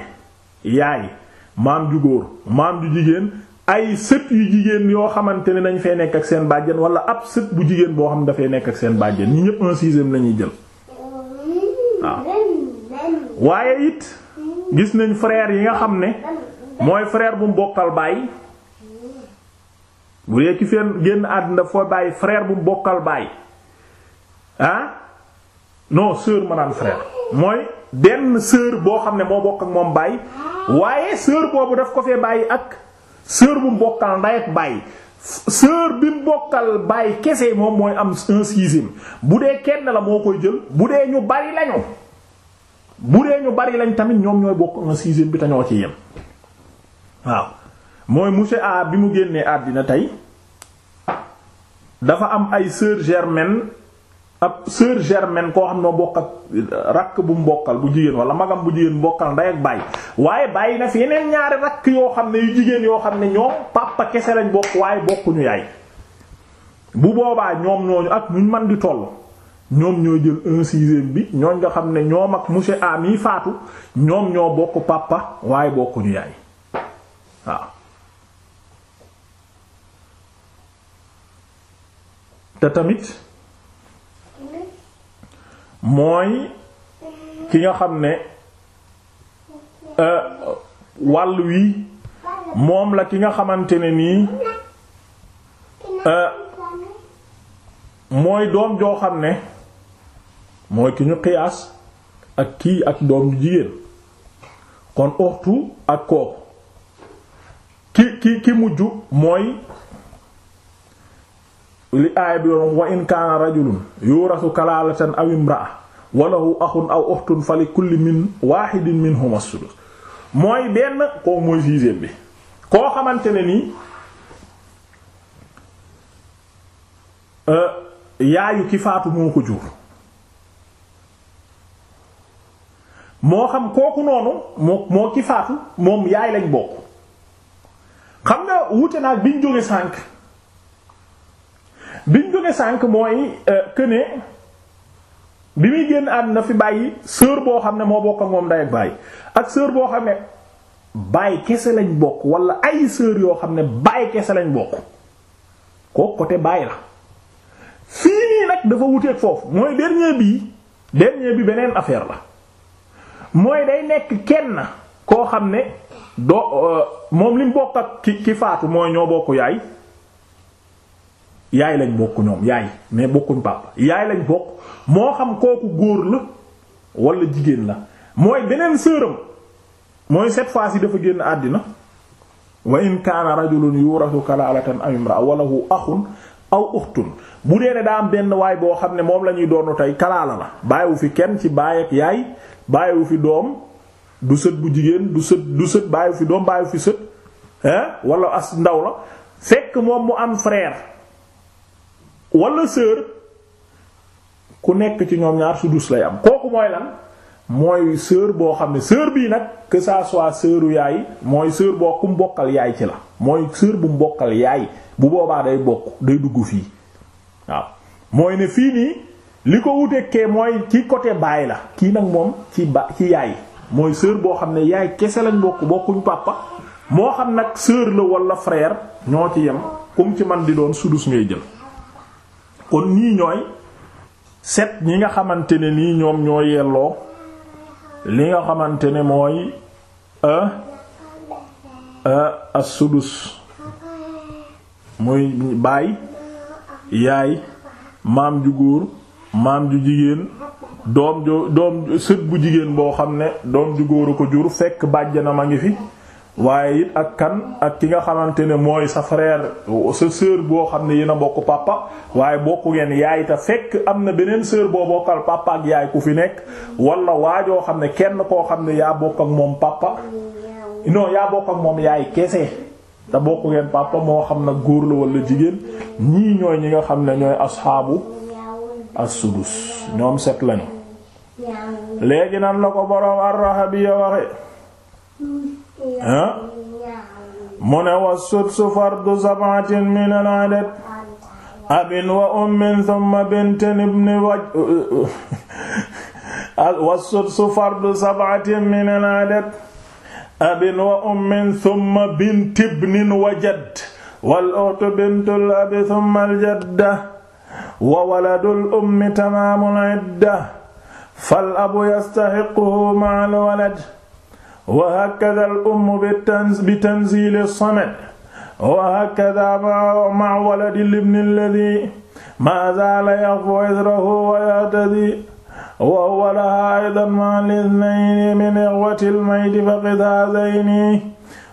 yaay maam ju góor maam ju jigéen ay sët yu jigéen yoo xamante ne dañ fay nekk ak seen bàjjan wala ab sët bu jigéen boo xam ne dafay nekk ak seen bàjjen ñi ñépp un sixième lañuy jël waaw waaye it gis nañ frère yi nga xam ne mooy frère bu mbokkal baay bu dee ci fenn génn àddina foo bàyyi frère bu mbokkal baay ah non sœur maanaam frère mooy benn sœur boo xam ne moo bokk ak moom baay waaye sœur boobu daf ko fee bàyyi ak sœur bu mbokkal nday ak baay sœur bi mbokkal baay kese moom mooy am un bu dee kenn la moo koy jël bu dee ñu bari lañu bu dee ñu bari lañ tamit ñoom ñooy bokk un sixième bi te ci yem waaw mooy monsieur A bi mu génnee àddina tey dafa am ay sœur germaine ab sœur germaine koo xam noo bokk ak rakk bu mu bokkal bu jigéen wala magam bu jigéen bokkal ndey ak bàyyi waaye bàyyi na fi yeneen ñaari rakk yoo xam ne yu jigéen yoo xam ne ñoom papa kese lañ bokk waaye bokkuñu yaay bu boobaa ñoom ñooñu ak ñu man di tollu ñoom ñoo jël un sixième bi ñooñ nga xam ne ñoom ak monsieur A mi faatu ñoom ñoo bokk papa waaye bokkuñu yaay waaw te tamit mooy ki nga xam ne euh, wàll wi moom la ki nga xamante ne nii euh, mooy doom joo xam ne mooy ki ñu xiyaas ak kii ak doom jigéen kon oxtu ak kooku ki ki ki mujj mooy li aaya bi doon wa in kaana rajulun yurasu kalaalatan aw imraa wa lahu axun aw uxtun fa li kulli min waaxidin minhum as-sudus mooy benn kooku mooy sixième bi koo xamante ne nii euh, yaayu ki faatu moo ko jur moo xam kooku noonu moo moo ki faatu moom yaay lañ bokk xam nga wute naag biñ jóge sànk biñ jóge sànk mooy këne euh, bi muy génn na fi bàyyi sœur boo xam ne moo bokk moom day ak bàyyi ak sœur boo xam ne bàyyi kese lañ bokk wala ay sër yoo xam ne bàyyi kese lañ bokk kooku côté bàyyi la fii nii nag dafa wuteeg foofu mooy dernier bii dernier bi beneen affaire la mooy day nekk kenn koo xam ne doo euh, moom li bokk ak ki faatu mooy ñoo bokk yaay yaay lañ bokk ñoom yaay mais bokkuñ papa yaay lañ bokk moo xam kooku góor la wala jigéen la mooy beneen sëram mooy cette fois ci dafa génn àddina wa in kaana rajulun yurathu kalaalatan aw aw uxtun bu dee daa benn waay boo xam ne moom lañuy ñuy doonu tey kalaala la bàyyiwu fi kenn ci baay ak yaay bàyyiwu fi doom du sët bu jigéen du sët du sët bàyyiwu fi doom bàyyiwu fi sët hein walla as ndaw la fekk moom mu am frère wala sœur ku nekk ci ñoom ñaar sudus lay am kooku mooy lan mooy sœur boo xam ne sœur bii nag que ça soit sœuru yaay mooy sœur boo ku mbokkal yaay ci la mooy sœur bu mbokkal yaay bu boobaa day bokk day dugg fii waaw mooy ne fii nii li ko wuteekee mooy ci côté baay la kii nag moom ci ba ci yaay mooy sœur boo xam ne yaay kese lañ bokk bokkuñ papa moo xam nag sœur la walla frère ñoo ci yem comme ci man di doon sudus ngay jël kon nii ñooy set ñi nga xamante ne nii ñoom ñoo yelloo li nga xamante ne mooy sudus muy baay yaay maam ju góor maam ju jigéen doom ju doom sët bu jigéen boo xam ne doom ju góor a ko jur fekk na a ngi fi waaye it ak kan ak ki nga xamante ne mooy sa frère sa sœur boo xam ne yéen a bokk papa waaye bokk ngeen yaay ta fekk am na beneen sœur boo bokkal papa yaay ku fi nekk wala waajoo xam ne kenn koo xam ne yaa bokk ak moom papa non yaa bokk ak moom yaay kese. te bokku ngeen papa moo xam na góor la wala jigéen ñii ñooy ñi nga xam ne ñooy asxaabu as-sudus ñoom set lañu léegi nan la ko boroom ar-Rahabiyya waxe ah mu ne was-sudsu fardu sab'atin min al-adad abin wa ummin thumma bintin ibni waj was-sudsu fardu sab'atin min al-adad abin wa ummin thumma bint ibnin wa jadd wal ukhtu bintul abi thumma al-jadda wa waladul ummi tamaamul idda fal abu yastaxiquhu ma'al walad wa hakada al ummu bi tanziili samad wa hakada ma'a waladi libni alladi maa zaala yarfa'u izrahu wa yahtadi wa huwa lahaa aydan ma'al ithnayni min ixwati al mayyit faqad haazayni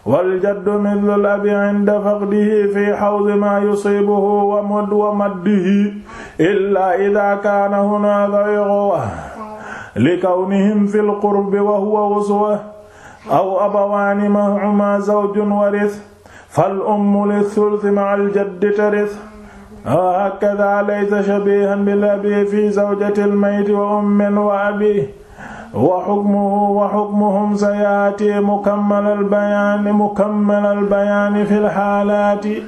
waljaddu mithlu labi inda faqdihi fi hawzi ma yusibuhu wa mud wa maddihi illaa idha kaana hunaaka ighwa li kawnihim fil qurbi wa huwa uswa aw abawaani mahuma zawjun warith fal ummu lithuluthi ma'al jaddi tarith hakadha laysa shabihan bil abi fi zawjatil mayti wa ummin wa abi wa hukmuhu wa hukmuhum sayaatii mukammalal bayaani mukammalal bayaani fil haalaati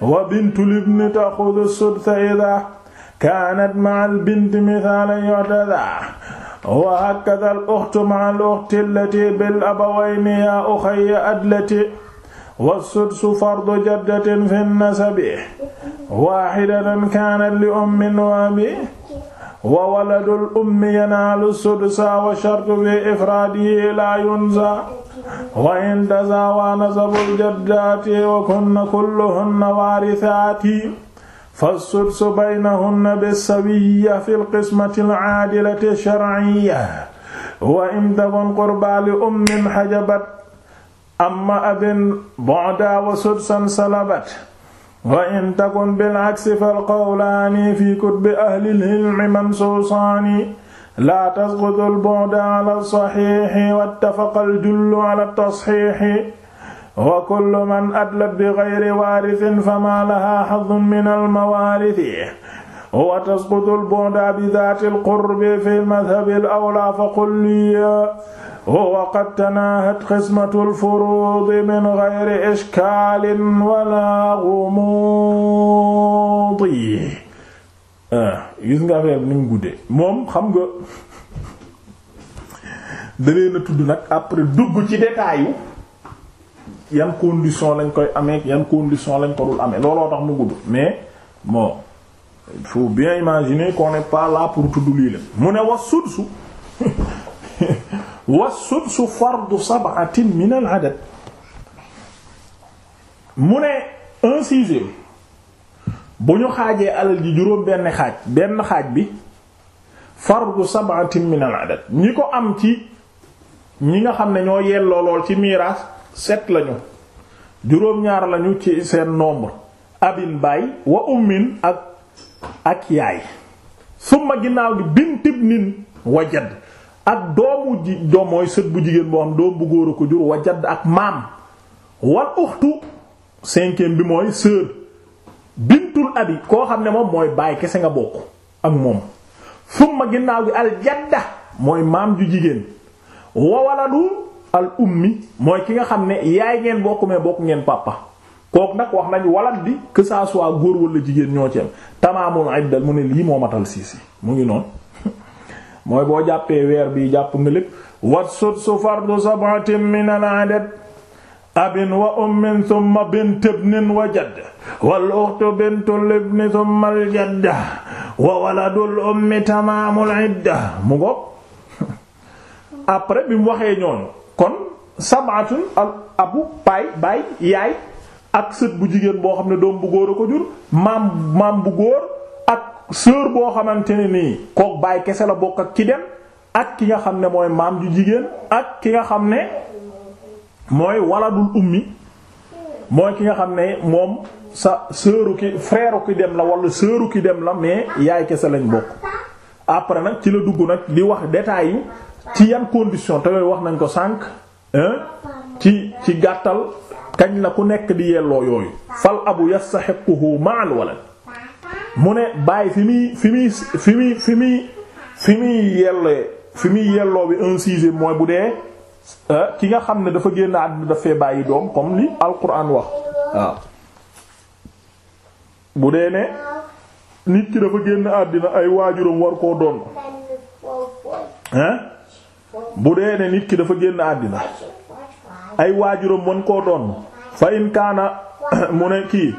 wa bintul ibni taxudu sudsa idaa kaanat ma'al binti misaalan yu'tadaa wa hakazal uxtu ma'al uxti allatii bil abawayni yaa uxayya adlatii wa sudsu fardu jaddatin fin nasabi waaxidatan kaanat li ummin wa abii wa waladul ummi yanaalu sudsa wa shartu bi ifraadihi laa yunsa wa in dasa wa nasabul jaddaati wa kunna kulluhunna waarisaati فالسدس بينهن بالسوية في القسمة العادلة الشرعية وإن تكن قربى لأم حجبت أما أب بعدا وسدسا سلبت wa in takun bil aksi fal qawlaani fi kutbi ahlil ilmi mansuusaani laa tasqutu al bu'da ala saxiixi wattafaqa al jullu ala tasxiixi wa kullu man adla bi gayri waarisin famaa lahaa hazzun min al mawaarisi wa tasqutu al bu'da bi zaati al qurbi fi al madhabi al awlaa fa qul wa qad tanaahat qismatul furuud min ghayri ishkaalin wala ghumuud gis nga affaire ni mu guddee moom xam nga da na tudd nag après dugg ci détail yu yan condition lañ koy amee yan condition lañ ko dul amee looloo tax mu gudd mais bon il faut bien imaginer qu'on n'est pas là pour tudd lii la mu ne wa sudsu wa sudsu fardu sab'atin min al adad mu ne un sixième bu ñu xaajee alal ji juróom benn xaaj benn xaaj bi fardu sab'atin min al adad ñi ko am ci ñi nga xam ne ñoo yelloo lool ci miraas sept lañu juróom-ñaar lañu ci seen nombre abin baay wa ummin ak ak yaay summa ginnaaw gi bintib nin wajad ak doomu ji doom mooy sët bu jigéen boo xam doom bu góor a ko jur wa jadd ak maam wal uxtu cinquième bi mooy sœur bintul abi koo xam ne moom mooy baay kese nga bokk ak moom ma ginnaaw gi al jadda mooy maam ju jigéen wa waladu al ummi mooy ki nga xam ne yaay ngeen bokk mais bokk ngeen papa kooku nag wax nañ walad bi que ça soit góor wala jigéen ñoo ci am tamaamul iddal mu ne lii moo matal siisi mu ngi noonu mooy boo jàppee weer bi jàpp nga lépp wat sut su fardu sab'atin min al-adad abin wa ummin thumma bint ibnin wa jadd wal ukhtu bintu libni thumma al jadda wa waladul ummi tamaamul idda mu ngoog après bi mu waxee ñoonu kon sabatun al abu baay baay yaay ak sët bu jigéen boo xam ne doom bu góor ko jur maam maam bu sœur boo xamante ne nii kook baay kese la bokk ak ki dem ak ki nga xam ne mooy maam ju jigéen ak ki nga xam ne mooy walla waladul ummi mooy ki nga xam ne moom sa sœuru ki frère ki dem la wala sœuru ki dem la mais yaay kese lañ bokk après nag ci la dugg nag di wax détails yi ci yan condition te yooyu wax nañ ko sànq ci ci gàttal kañ la ku nekk di yelloo yooyu fal abu yastahiquhu ma'al walad mu ne bàyyi fi muy fi muy fi muy fi muy fi muy yellee fi muy yelloo bi un mooy bu dee euh, ki nga xam ne dafa génn àdduna dafee bàyyi doom comme li alquran wax waaw ah. bu dee ne nit ki dafa génn àddina ay waajuram war koo doon bu dee nit ki dafa génn àddina ay waajuram mën koo doon fa in kaana mu ne kii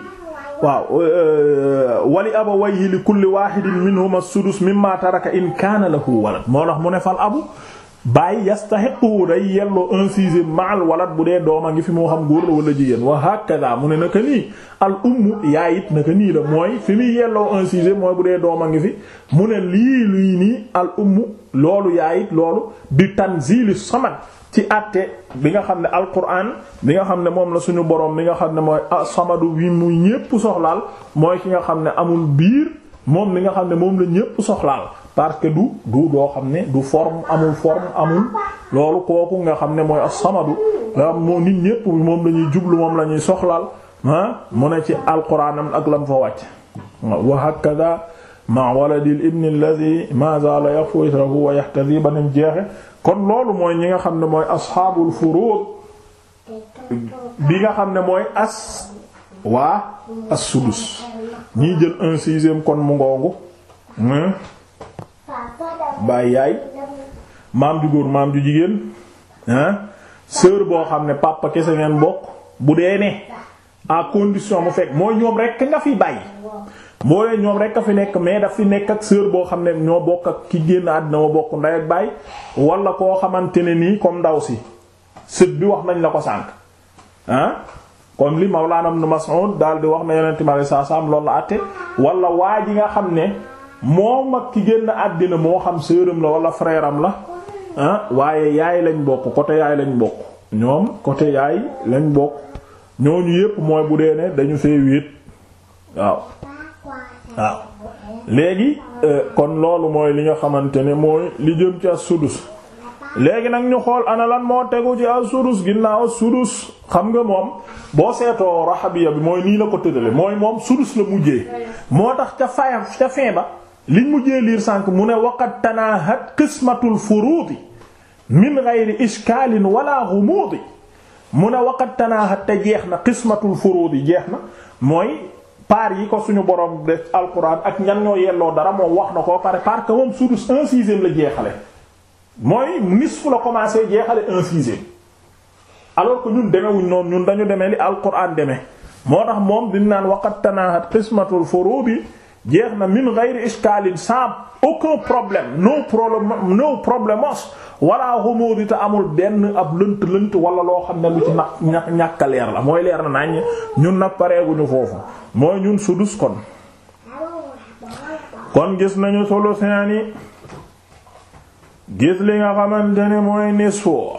waaw euh, euh, wali abawayhi li kulli wahidin minhuma sudus mimma taraka in kaana lahu walad moo tax mu ne fal abu bàyyi yastahiqu day yelloo un sixième ma'al walad bu dee doom a ngi fi moo xam góor la wala jigéen wa hakaza mu ne naka nii al ummu yaay naka nii la mooy fi muy yelloo un mooy bu dee doom a ngi fi mu ne lii luy nii al loolu yaay it loolu di tanzili samad ci àtte bi nga xam ne alquran bi nga xam ne moom la suñu borom bi nga xam ne mooy asamadu ah, wi mu ñépp soxlaal mooy ki nga xam ne amul biir moom li nga xam ne moom la ñépp soxlaal parce que du du doo xam ne du forme amul forme amul loolu kooku nga xam ne mooy asamadu nga moo nit ñépp moom la ñuy jublu moom la ñuy soxlaal ah mu ne ci alquranam ak lam fa wàcc wa hakada ma waladil ibni alladi ma zaala yaxfu israhu wa ba nim jeexe kon loolu mooy ñi nga xam ne mooy asxaabul furuud bi nga xam ne mooy as waa as sudus ñiy jël un sixième kon mu ngoongu baay yaay maam ju góor maam ju jigéen ah boo xam ne papa kese ngeen bokk bu dee ne à condition mu fekk mooy ñoom rekk nga fi bàyyi moo ñoom rek a fi nekk mais daf fi nekk ak sœur boo xam ne ñoo bokk ak ki génn àddina ma bokk ndey ak baay wala koo xamante ne nii comme ndaw si sët bi wax nañ la ko sànq ah comme li Mawlaana Ibn Mas'ud daal di wax na yonent mi saa saa am loolu la àtte wala waa ji nga xam ne moom ak ki génn àddina moo xam sœuram la wala frère la ah waaye yaay lañ bokk côté yaay lañ bokk ñoom côté yaay lañ bokk ñooñu yépp mooy bu dee ne dañu fee wéet waaw ah. léegi euh, kon loolu mooy li nga xamante ne mooy li jëm ci as-sudus léegi nag ñu xool ana moo tegu ci as-sudus ginnaaw as-sudus xam nga moom boo seetoo raxabiya bi mooy nii la ko tëddale mooy moom sudus la mujjee moo tax ca fayam ca fin ba liñ mujjee liir sànq mu ne wakkat tanaahat qismatul furuudi min ghayri ishkaalin wala ghumuudi mu ne waqad tanaahat te jeex na qismatul furuudi jeex na mooy par yi ko suñu borom def alquran ak ñan ñoo yelloo dara moom wax na ko pare par que moom sudus un sixième la jeexale mooy nisfu la commencé jeexale un sixième alors que ñun demewuñ noonu ñun dañu demee li alquran demee moo tax moom di naan waqat tanahat foro bi jeex na min ghayri ishkalin sans aucun problème no problème no problemos wala humuudi te amul benn ab lënt lënt wala loo xam ne lu ci naq ñàkk leer la mooy leer na nañ ñun nag pareeguñu foofu mooy ñun sudus kon kon gis nañu solution yi gis li nga xamante ne mooy nisfo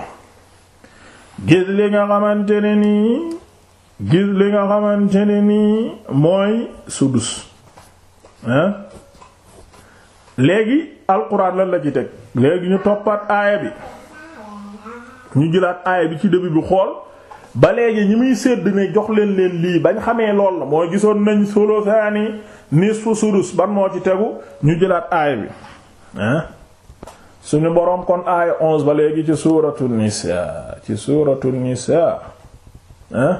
gis li nga xamante nii gis li nga xamante nii mooy sudus léegi alquran lan la ci teg léegi ñu toppaat aaya bi ñu jëlaat aaya bi ci début bi xool ba léegi ñi muy sédd ne jox leen leen lii bañ xamee lool la mooy gisoon nañ solosaani nisfu surus ban moo ci tegu ñu jëlaat aaya bi ah suñu boroom kon aaya onze ba léegi ci suuratu nisaa ci suuratu nisaa ah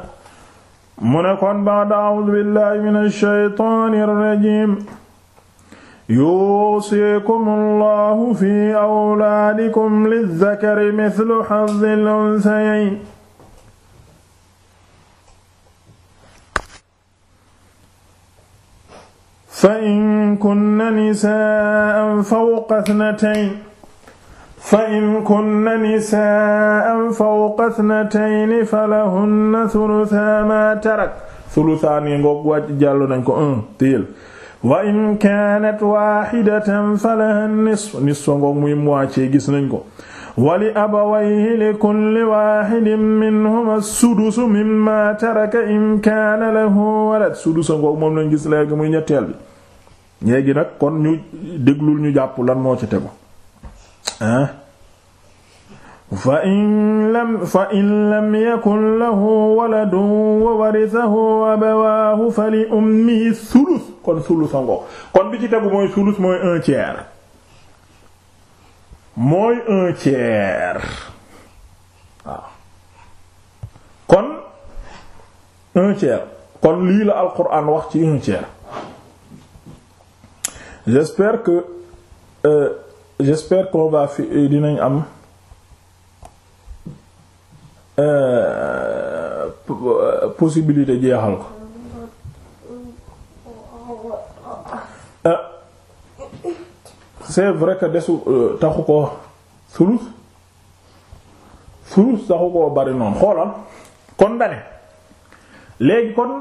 mu ne kon ba'da a'uudu billaahi minash shaytaanir rajiim yuusiikumullahu fi awlaadikum lizzakari mithlu hazzil unsayayni fa in kunna nisaa'an fawqa ithnatayni fa in kunna nisaa'an fawqa ithnatayni falahunna thuluthaa maa tarak thuluthaa ni ngoog wàcc jàll nañ ko un wa in kaanat waahidatan falahaa nisf nisf ngoog muy moitié gis nañ ko wa li abawayhi li kulli waahidin minhumaa as-sudusu mimmaa taraka in kaana lahu walad sudusa ngoog moom lañ gis léegi muy ñetteel bi léegi nag kon ñu déglul ñu jàpp lan moo ci tegu fa in lam fa in lam yakun lahu waladun wa warithahu fa li ummihi sulus kon sulus ango kon bi ci tegu mooy sulus mooy un mooy un kon lii la alquran wax ci un tiers que euh, j'espère qu'on va fi euh, dinañ am euh, euh, possibilité jeexal ko c'est vrai que desu taxu ko sulus sulus taxu koo bari noonu xoolal kon dane léegi kon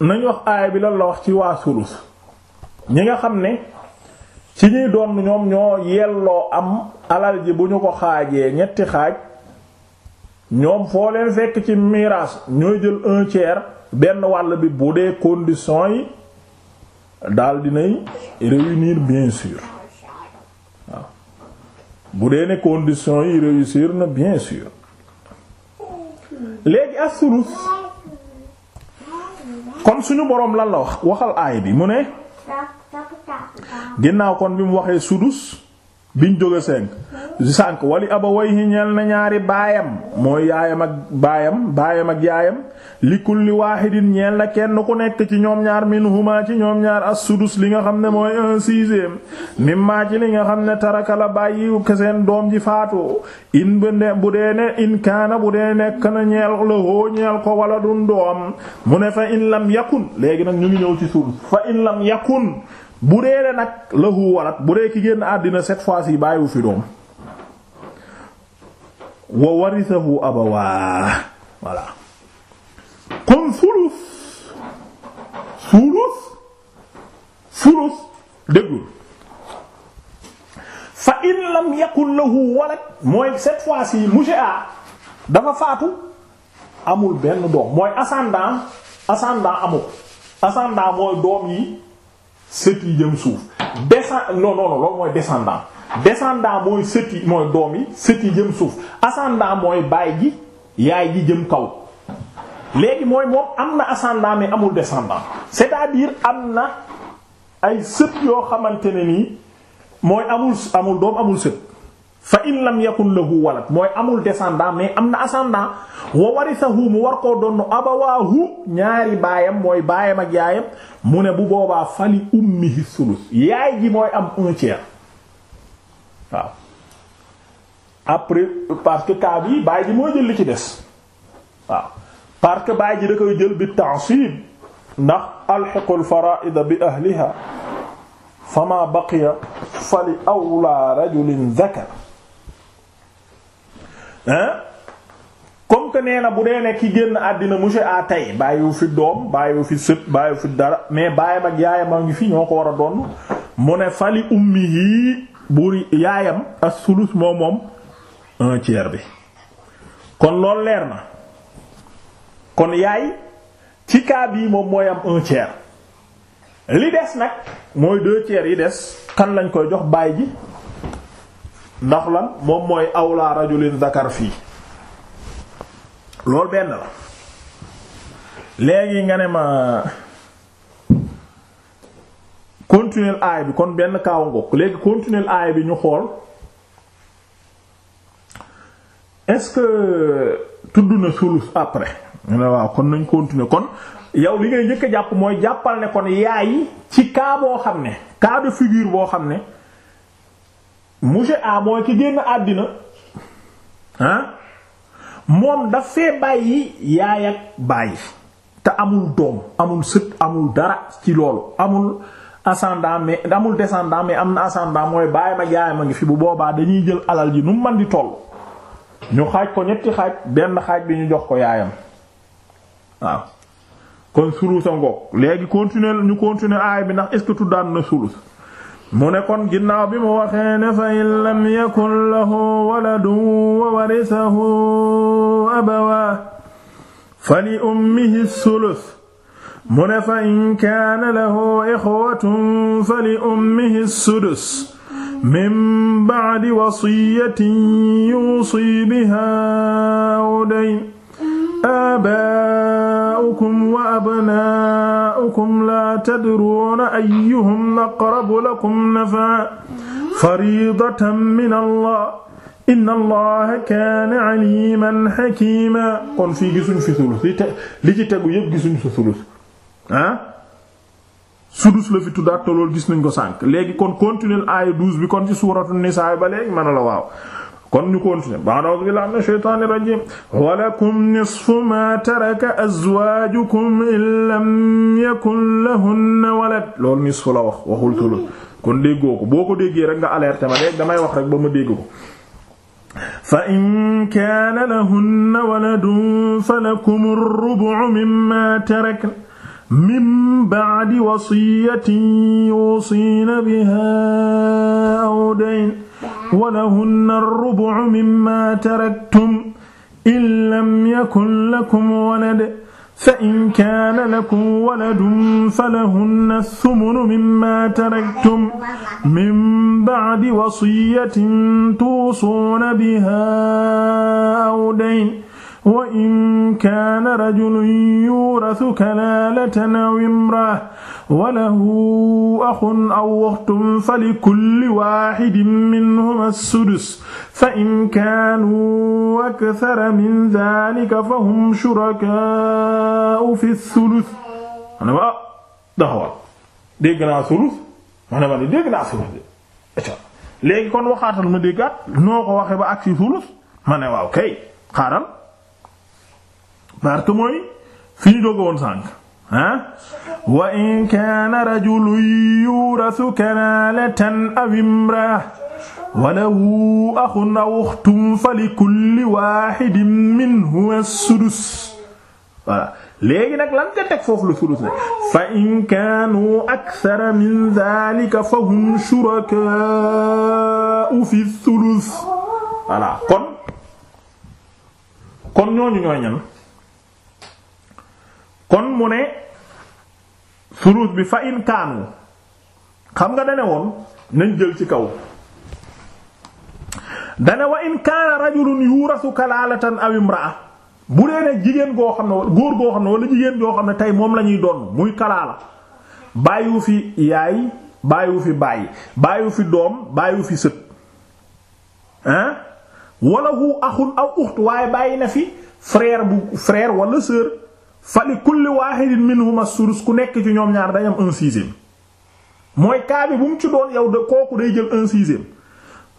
nañ wax aaya bi lan la wax ci waa sulus ñi nga xam ne ci ñuy doon ñoom ñoo yelloo am alal ji bu ñu ko xaajee ñetti xaaj ñoom foo leen fekk ci miraas ñooy jël un tiers benn wàll bi bu dee conditions yi daal dinay réunir bien sûr waaw bu dee ne conditions yi réussir na bien sûr léegi as kon suñu boroom lan la wax waxal aay bi mu ne ginnaaw kon bi mu waxee sudus biñ jóge sànq sànq wali abawayhi ñeel na ñaari baayam mooy yaayam ak baayam baayam ak yaayam li kulli waahidin ñeel na kenn ku nekk ci ñoom ñaar minhuma ci ñoom ñaar as-sudus li nga xam ne mooy un sixième mimma ci li nga xam ne taraka la bàyyi keseen doom ji faatu in bu ne bu dee ne inkaana bu dee nekk na ñeel la hoo ñeel ko wala dun doom mu ne fa in lam yakun léegi nag ñu ngi ñëw ci sudus fa in lam yakun bu dee ne nag lahu walat bu dee ki génn àddina cette fois-ci bàyyiwu fi doom wa warisahu abawaa voilà kon fulus fulus fulus déggul fa in lam yakun lahu walad mooy cette fois-ci monsieur A dafa faatu amul benn doom mooy ascendant ascendant amul ascendant mooy doom yi sët yi jëm suuf descend non loolu mooy descendant descendant mooy sët yi mooy doom yi sët yi jëm suuf ascendant mooy baay ji yaay ji jëm kaw léegi mooy moom am na ascendant mais amul descendant c'est-à-dire am na ay sët yoo xamante ne nii mooy amul amul doom amul sët fa in lam yakun lahu walad mooy amul descendant mais am na ascendant wa warithahu mu war koo donn abawaahu ñaari baayam mooy baayam ak yaayam mu ne bu boobaa fali ummihi sulus yaay ji mooy am un tiers waaw après parce que cas bi baay ji mooy jël li ci des waaw parce que baay ji da koy jël bi ta'sib ndax alhiqul fara'id bi ahliha fama baqiya fali awla rajulin dhakar ah comme que nee na bu dee nekk ki génn àddina monsieur a tey bàyyiwu fi doom bàyyiwu fi sët bàyyiwu fi dara mais baayam ak yaayam a ngi fi ñoo ko war a doon mu ne fali ummi yii bu yaayam ak sulus moom moom un tiers bi kon loolu leer na kon yaay ci cas bii moom mooy am un tiers li des nag mooy deux yi des xan lañ koy jox baay ji ndax lan moom mooy rajo rajulin zakar fii loolu benn la léegi nga ne ma continuer aay bi kon benn kaaw ngokk léegi continuer aay bi ñu xool est-ce que tudd na sulus après ñu ne waaw kon nañ continuer kon yow li ngay njëkk a jàpp mooy jàppal ne kon yaay ci cas boo xam ne cas de figure boo xam ne monsieur A mooy ki génn àddina ah moom daf fee bàyyi yaay ak bàyyi te amul doom amul sët amul dara ci loolu amul ascendant mais amul descendant mais am na ascendant mooy bàyyi ma yaay ma ngi fi bu boobaa dañuy jël alal ji nu mu mën di toll ñu xaaj ko ñetti xaaj benn xaaj bi ñu jox ko yaayam waaw kon sulus a ngoog léegi continuer ñu continuer aay bi ndax est-ce que na sulus mu ne kon ginnaaw bi mu waxee ne fa in lam yakun lahu waladun wa warisahu abawaa fa li ummihi sulus mu ne fa in kaana lahu ixwatun fa li ummihi sudus min ba'di wasiyatin yuusi biha aw dayn aabaa'ukum wa abnaa'ukum laa tadruuna ayyuhum aqrabu lakum naf'an fariidatan min allah inna allah kaana aliman xakima kon fii gisuñ fi sulus li te li ci tegu yëpp gisuñ fi sulus ah sudus la fi tuddaat te loolu gis nañ ko sànq léegi kon continuer aaya 12 bi kon ci suuratu nisaa ba léegi mën na la waaw kon ñu continuer ba'da billahi minash shaitani rajim wa lakum nisfu ma taraka azwajukum in lam yakun lahunna walad loolu nisfu la wax waxul tulul kon déggoo ko boo ko déggee rek nga alerté ma léegi damay wax rek ba ma dégg ko fa in kaana lahunna waladun falakum ar-rubu' mimma tarakna min ba'di wasiyatin yusina biha aw dayn wa lahunna ar-rubu'u mimmaa taraktum in lam yakun lakum walad fa in kaana lakum waladun falahunna ath-thumunu mimmaa taraktum min ba'di wasiyyatin tuusuuna bihaa aw dayn wa in kaana rajulun yuurasu kalaalatan aw imra'atun wa lahu axun aw uxtun falikulli waaxidin minhumaa as-sudus fa in kaanuu akthara min dhaalika fahum shurakaa'u fi ath-thuluth. ma ne ma ah dégg naa thuluth ma ne ma dégg naa thuluth léegi kon waxaatal ma déggaat noo ko waxee ba agsi thuluth ma ne waaw kay xaaral parce que mooy fi ñu dogoon sànq. ah wa in kaana rajulun yurathu kalaalatan aw imra wa lahu akhun aw ukhtun falikulli waahidin minhu as-sudus voilà léegi nag lan nga teg foofu lu sudus ne fa in kaanu akthara min dhalika fa hum shurakaa'u fi as-sulus voilà kon kon ñooñu ñooy ñan kon mu ne suruus bi fa in kaanu xam nga dane woon nañ jël ci kaw dane wa in kaana rajulun yuurasu kalaalatan aw imraa bu dee ne jigéen goo xam ne góor goo xam ne wala xam ne tey moom la doon muy kalaala bàyyiwu fi yaay bàyyiwu fi bàyyi bàyyiwu fi doom bàyyiwu fi sët ah wala hu axun aw uxt waaye bàyyi na fi frère bu frère walla sœur fa li kulli wahidin minhuma sudus ku nekk ci ñoom ñaar day am un sixième mooy kaa bu mu ci doon yow de kooku day jël un sixième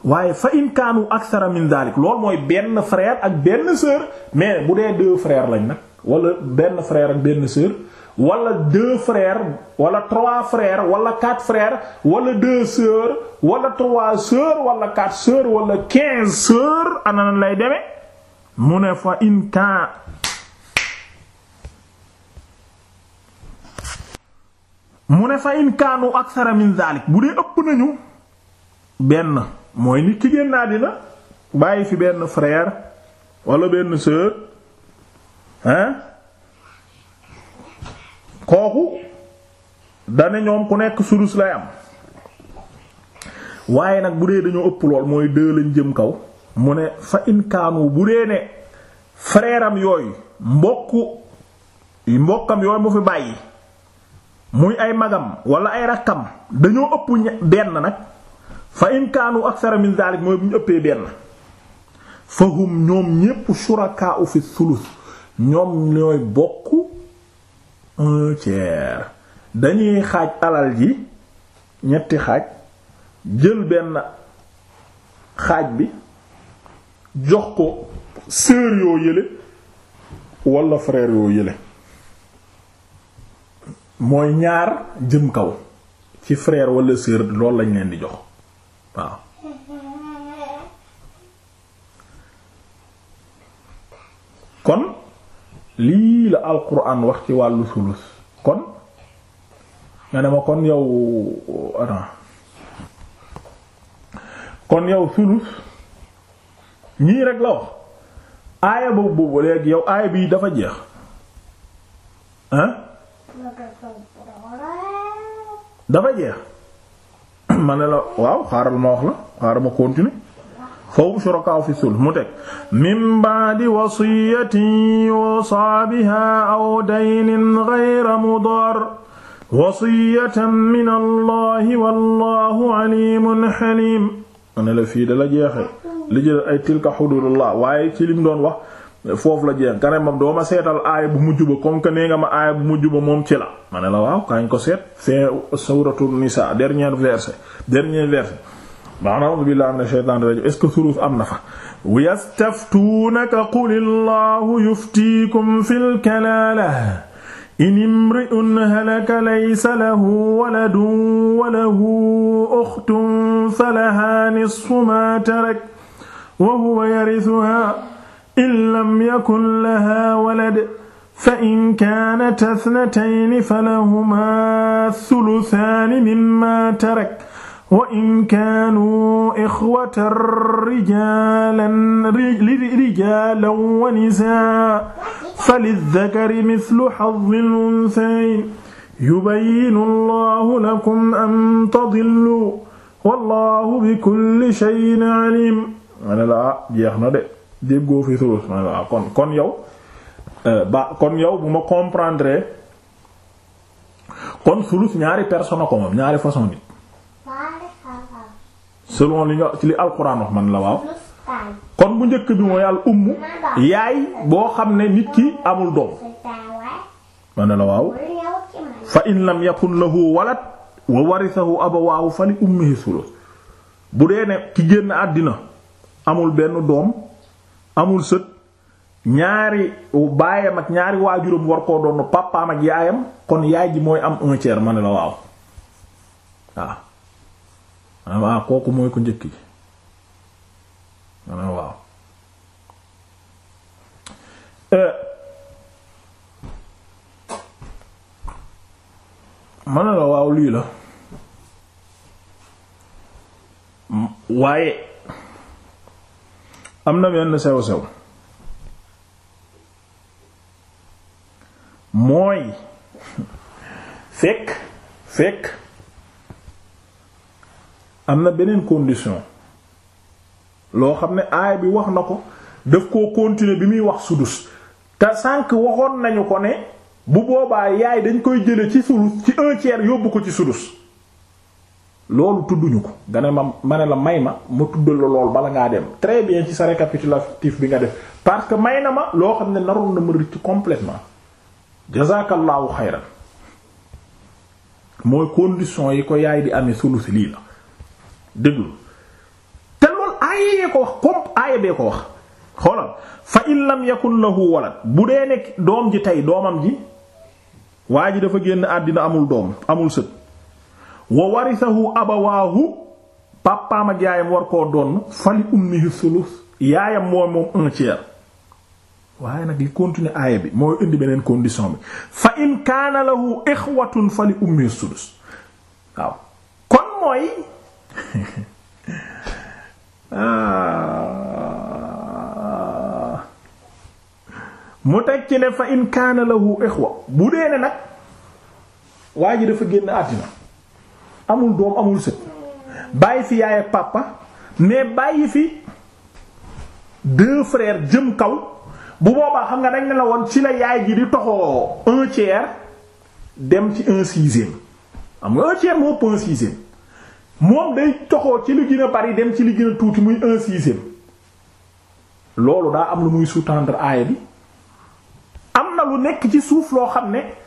waaye fa in kaanu akthara min dalik loolu mooy benn frère ak benn sœur mais bu dee deux frères lañ nag wala benn frère ak benn sœur wala deux frères wala trois frères wala quatre frères wala deux sœurs wala trois sœurs wala quatre sœurs wala quinze sœurs ana lay demee mu ne fa in mu ne fa in kaanu aksara min zalik bu dee ëpp nañu benn mooy nit ki génn àddina bàyyi fi benn frère walla benn sœur hein kooku dane ñoom ku nekk surus lay am waaye nag bu dee dañoo ëpp lool mooy deux lañ jëm kaw mu ne fa in kaanu bu dee ne frère am yooyu mbokku mbokkam yooyu mu fi bàyyi muy ay magam wala ay rakkam dañoo ëpp benn nag fa in kaanu aksara min dalik mooy ëppee benn fahum ñoom ñépp shurakaa'u fi thuluth ñoom ñooy bokk dañuy xaaj alal ji ñetti xaaj jël benn xaaj bi jox ko sœur yoo yële wala frère yoo yële mooy ñaar jëm kaw ci frère walla sœur loolu lañ leen di jox waaw kon lii la alquran wax ci wàllu sulus kon nga ne ma kon yow attends kon yow sulus ñii rek la wax aaya boobu boobu léegi yow aaya bii dafa jeex dafa jeex ma ne la waaw xaaral ma wax la xaaral ma continuer foofu shuraka fi sulh mu teg min ba'di wasiyatin yusa biha aw daynin ghayra mudar wasiyatan min allah wallahu alimun halim ma ne fii dala jeexe li jël ay tilka hududullah waaye ci lim doon wax foofu la jeex nga ne ma doo seetal aaya bu mujj ba comme que nee nga ma aaya bu mujj ba moom ci la ma ne la waaw kaañ ko seet fin suratu nisa dernier verset dernier verset a'uuzu billahi minash shaytaanir rajiim est-ce que suruf am na fa wa yastaftuunaka qulillahu yuftiikum fil kalaala in imri'un halaka laysa lahu waladun wa lahu ukhtun falahaa nisfu maa wa huwa yarithuhaa in lam yakun laha walad fa in kaanat ithnatayni falahumaa thuluthaani mimmaa tarak wa in kaanuu ikhwatan rijaalan rijaalan wa nisaa falidhakari mithlu hazzil unthayayn yubayyinu Allahu lakum an tadillu wallahu bikulli shay'in alim. jeex na de. déggoo fi sulus ma waaw kon kon yow euh, ba kon yow bu ma comprendre kon sulus ñaari personne ko moom ñaari façon nit selon li nga ci li alquran wax man la waaw kon bu njëkk bi mooy yàlla ummu yaay boo xam ne nit ki amul doom ma na la waaw fa in lam yakun lahu walad wa warithahu abawaahu fa li ummihi sulus bu dee ne ki génn àddina amul benn doom amul sët ñaari baayam ak ñaari waajuram war koo doon papaam ak yaayam kon yaay ji mooy am un tiers ma la waaw waaw ah la waaw lii la waaye am na benn sew-sew mooy fekk fekk am na beneen condition loo xam ne aay bi wax na ko def koo continuer bi muy wax sudus te sànq waxoon nañu ko ne bu boobaa yaay dañ koy jële ci sulus ci un yóbbu ko ci sudus loolu tudduñu ko dana ma ma ne la may ma ma tuddal la lool bala ngaa dem très bien ci sa récapitulatif bi nga def parce que may na ma loo xam ne naroon na ma rëcc complètement jazakallahu xayran mooy condition yi ko yaay bi amee sulu si lii la déglu te loolu aaya yee ko wax comme aaya bee ko wax xoolal fa in lam yakun lahu walad bu dee nekk doom ji tey doomam ji waa ji dafa génn àddina amul doom amul sët wa warisahu abawaahu pàppaam ak yaayam war koo donn fali ummihi sulus yaayam mooy moom un waaye nag li continuer aaya bi mooy indi beneen condition bi fa in kaana lahu ixwatun fali ummihi sulus waaw kon mooy mu teg bu dee ne nag waa ji dafa génn àddina amul doom amul sët bàyyi fi yaay ak papa mais bàyyi fi deux frères jëm kaw bu boobaa xam nga dañ ne la woon ci la yaay ji di toxoo un tiers dem ci un sixième xam nga un tiers moo ëpp un sixième moom day toxoo ci li gën a bari dem ci li gën a tuuti muy un sixième loolu daa am lu muy sous-tendre aaya bi am na lu nekk ci suuf loo xam ne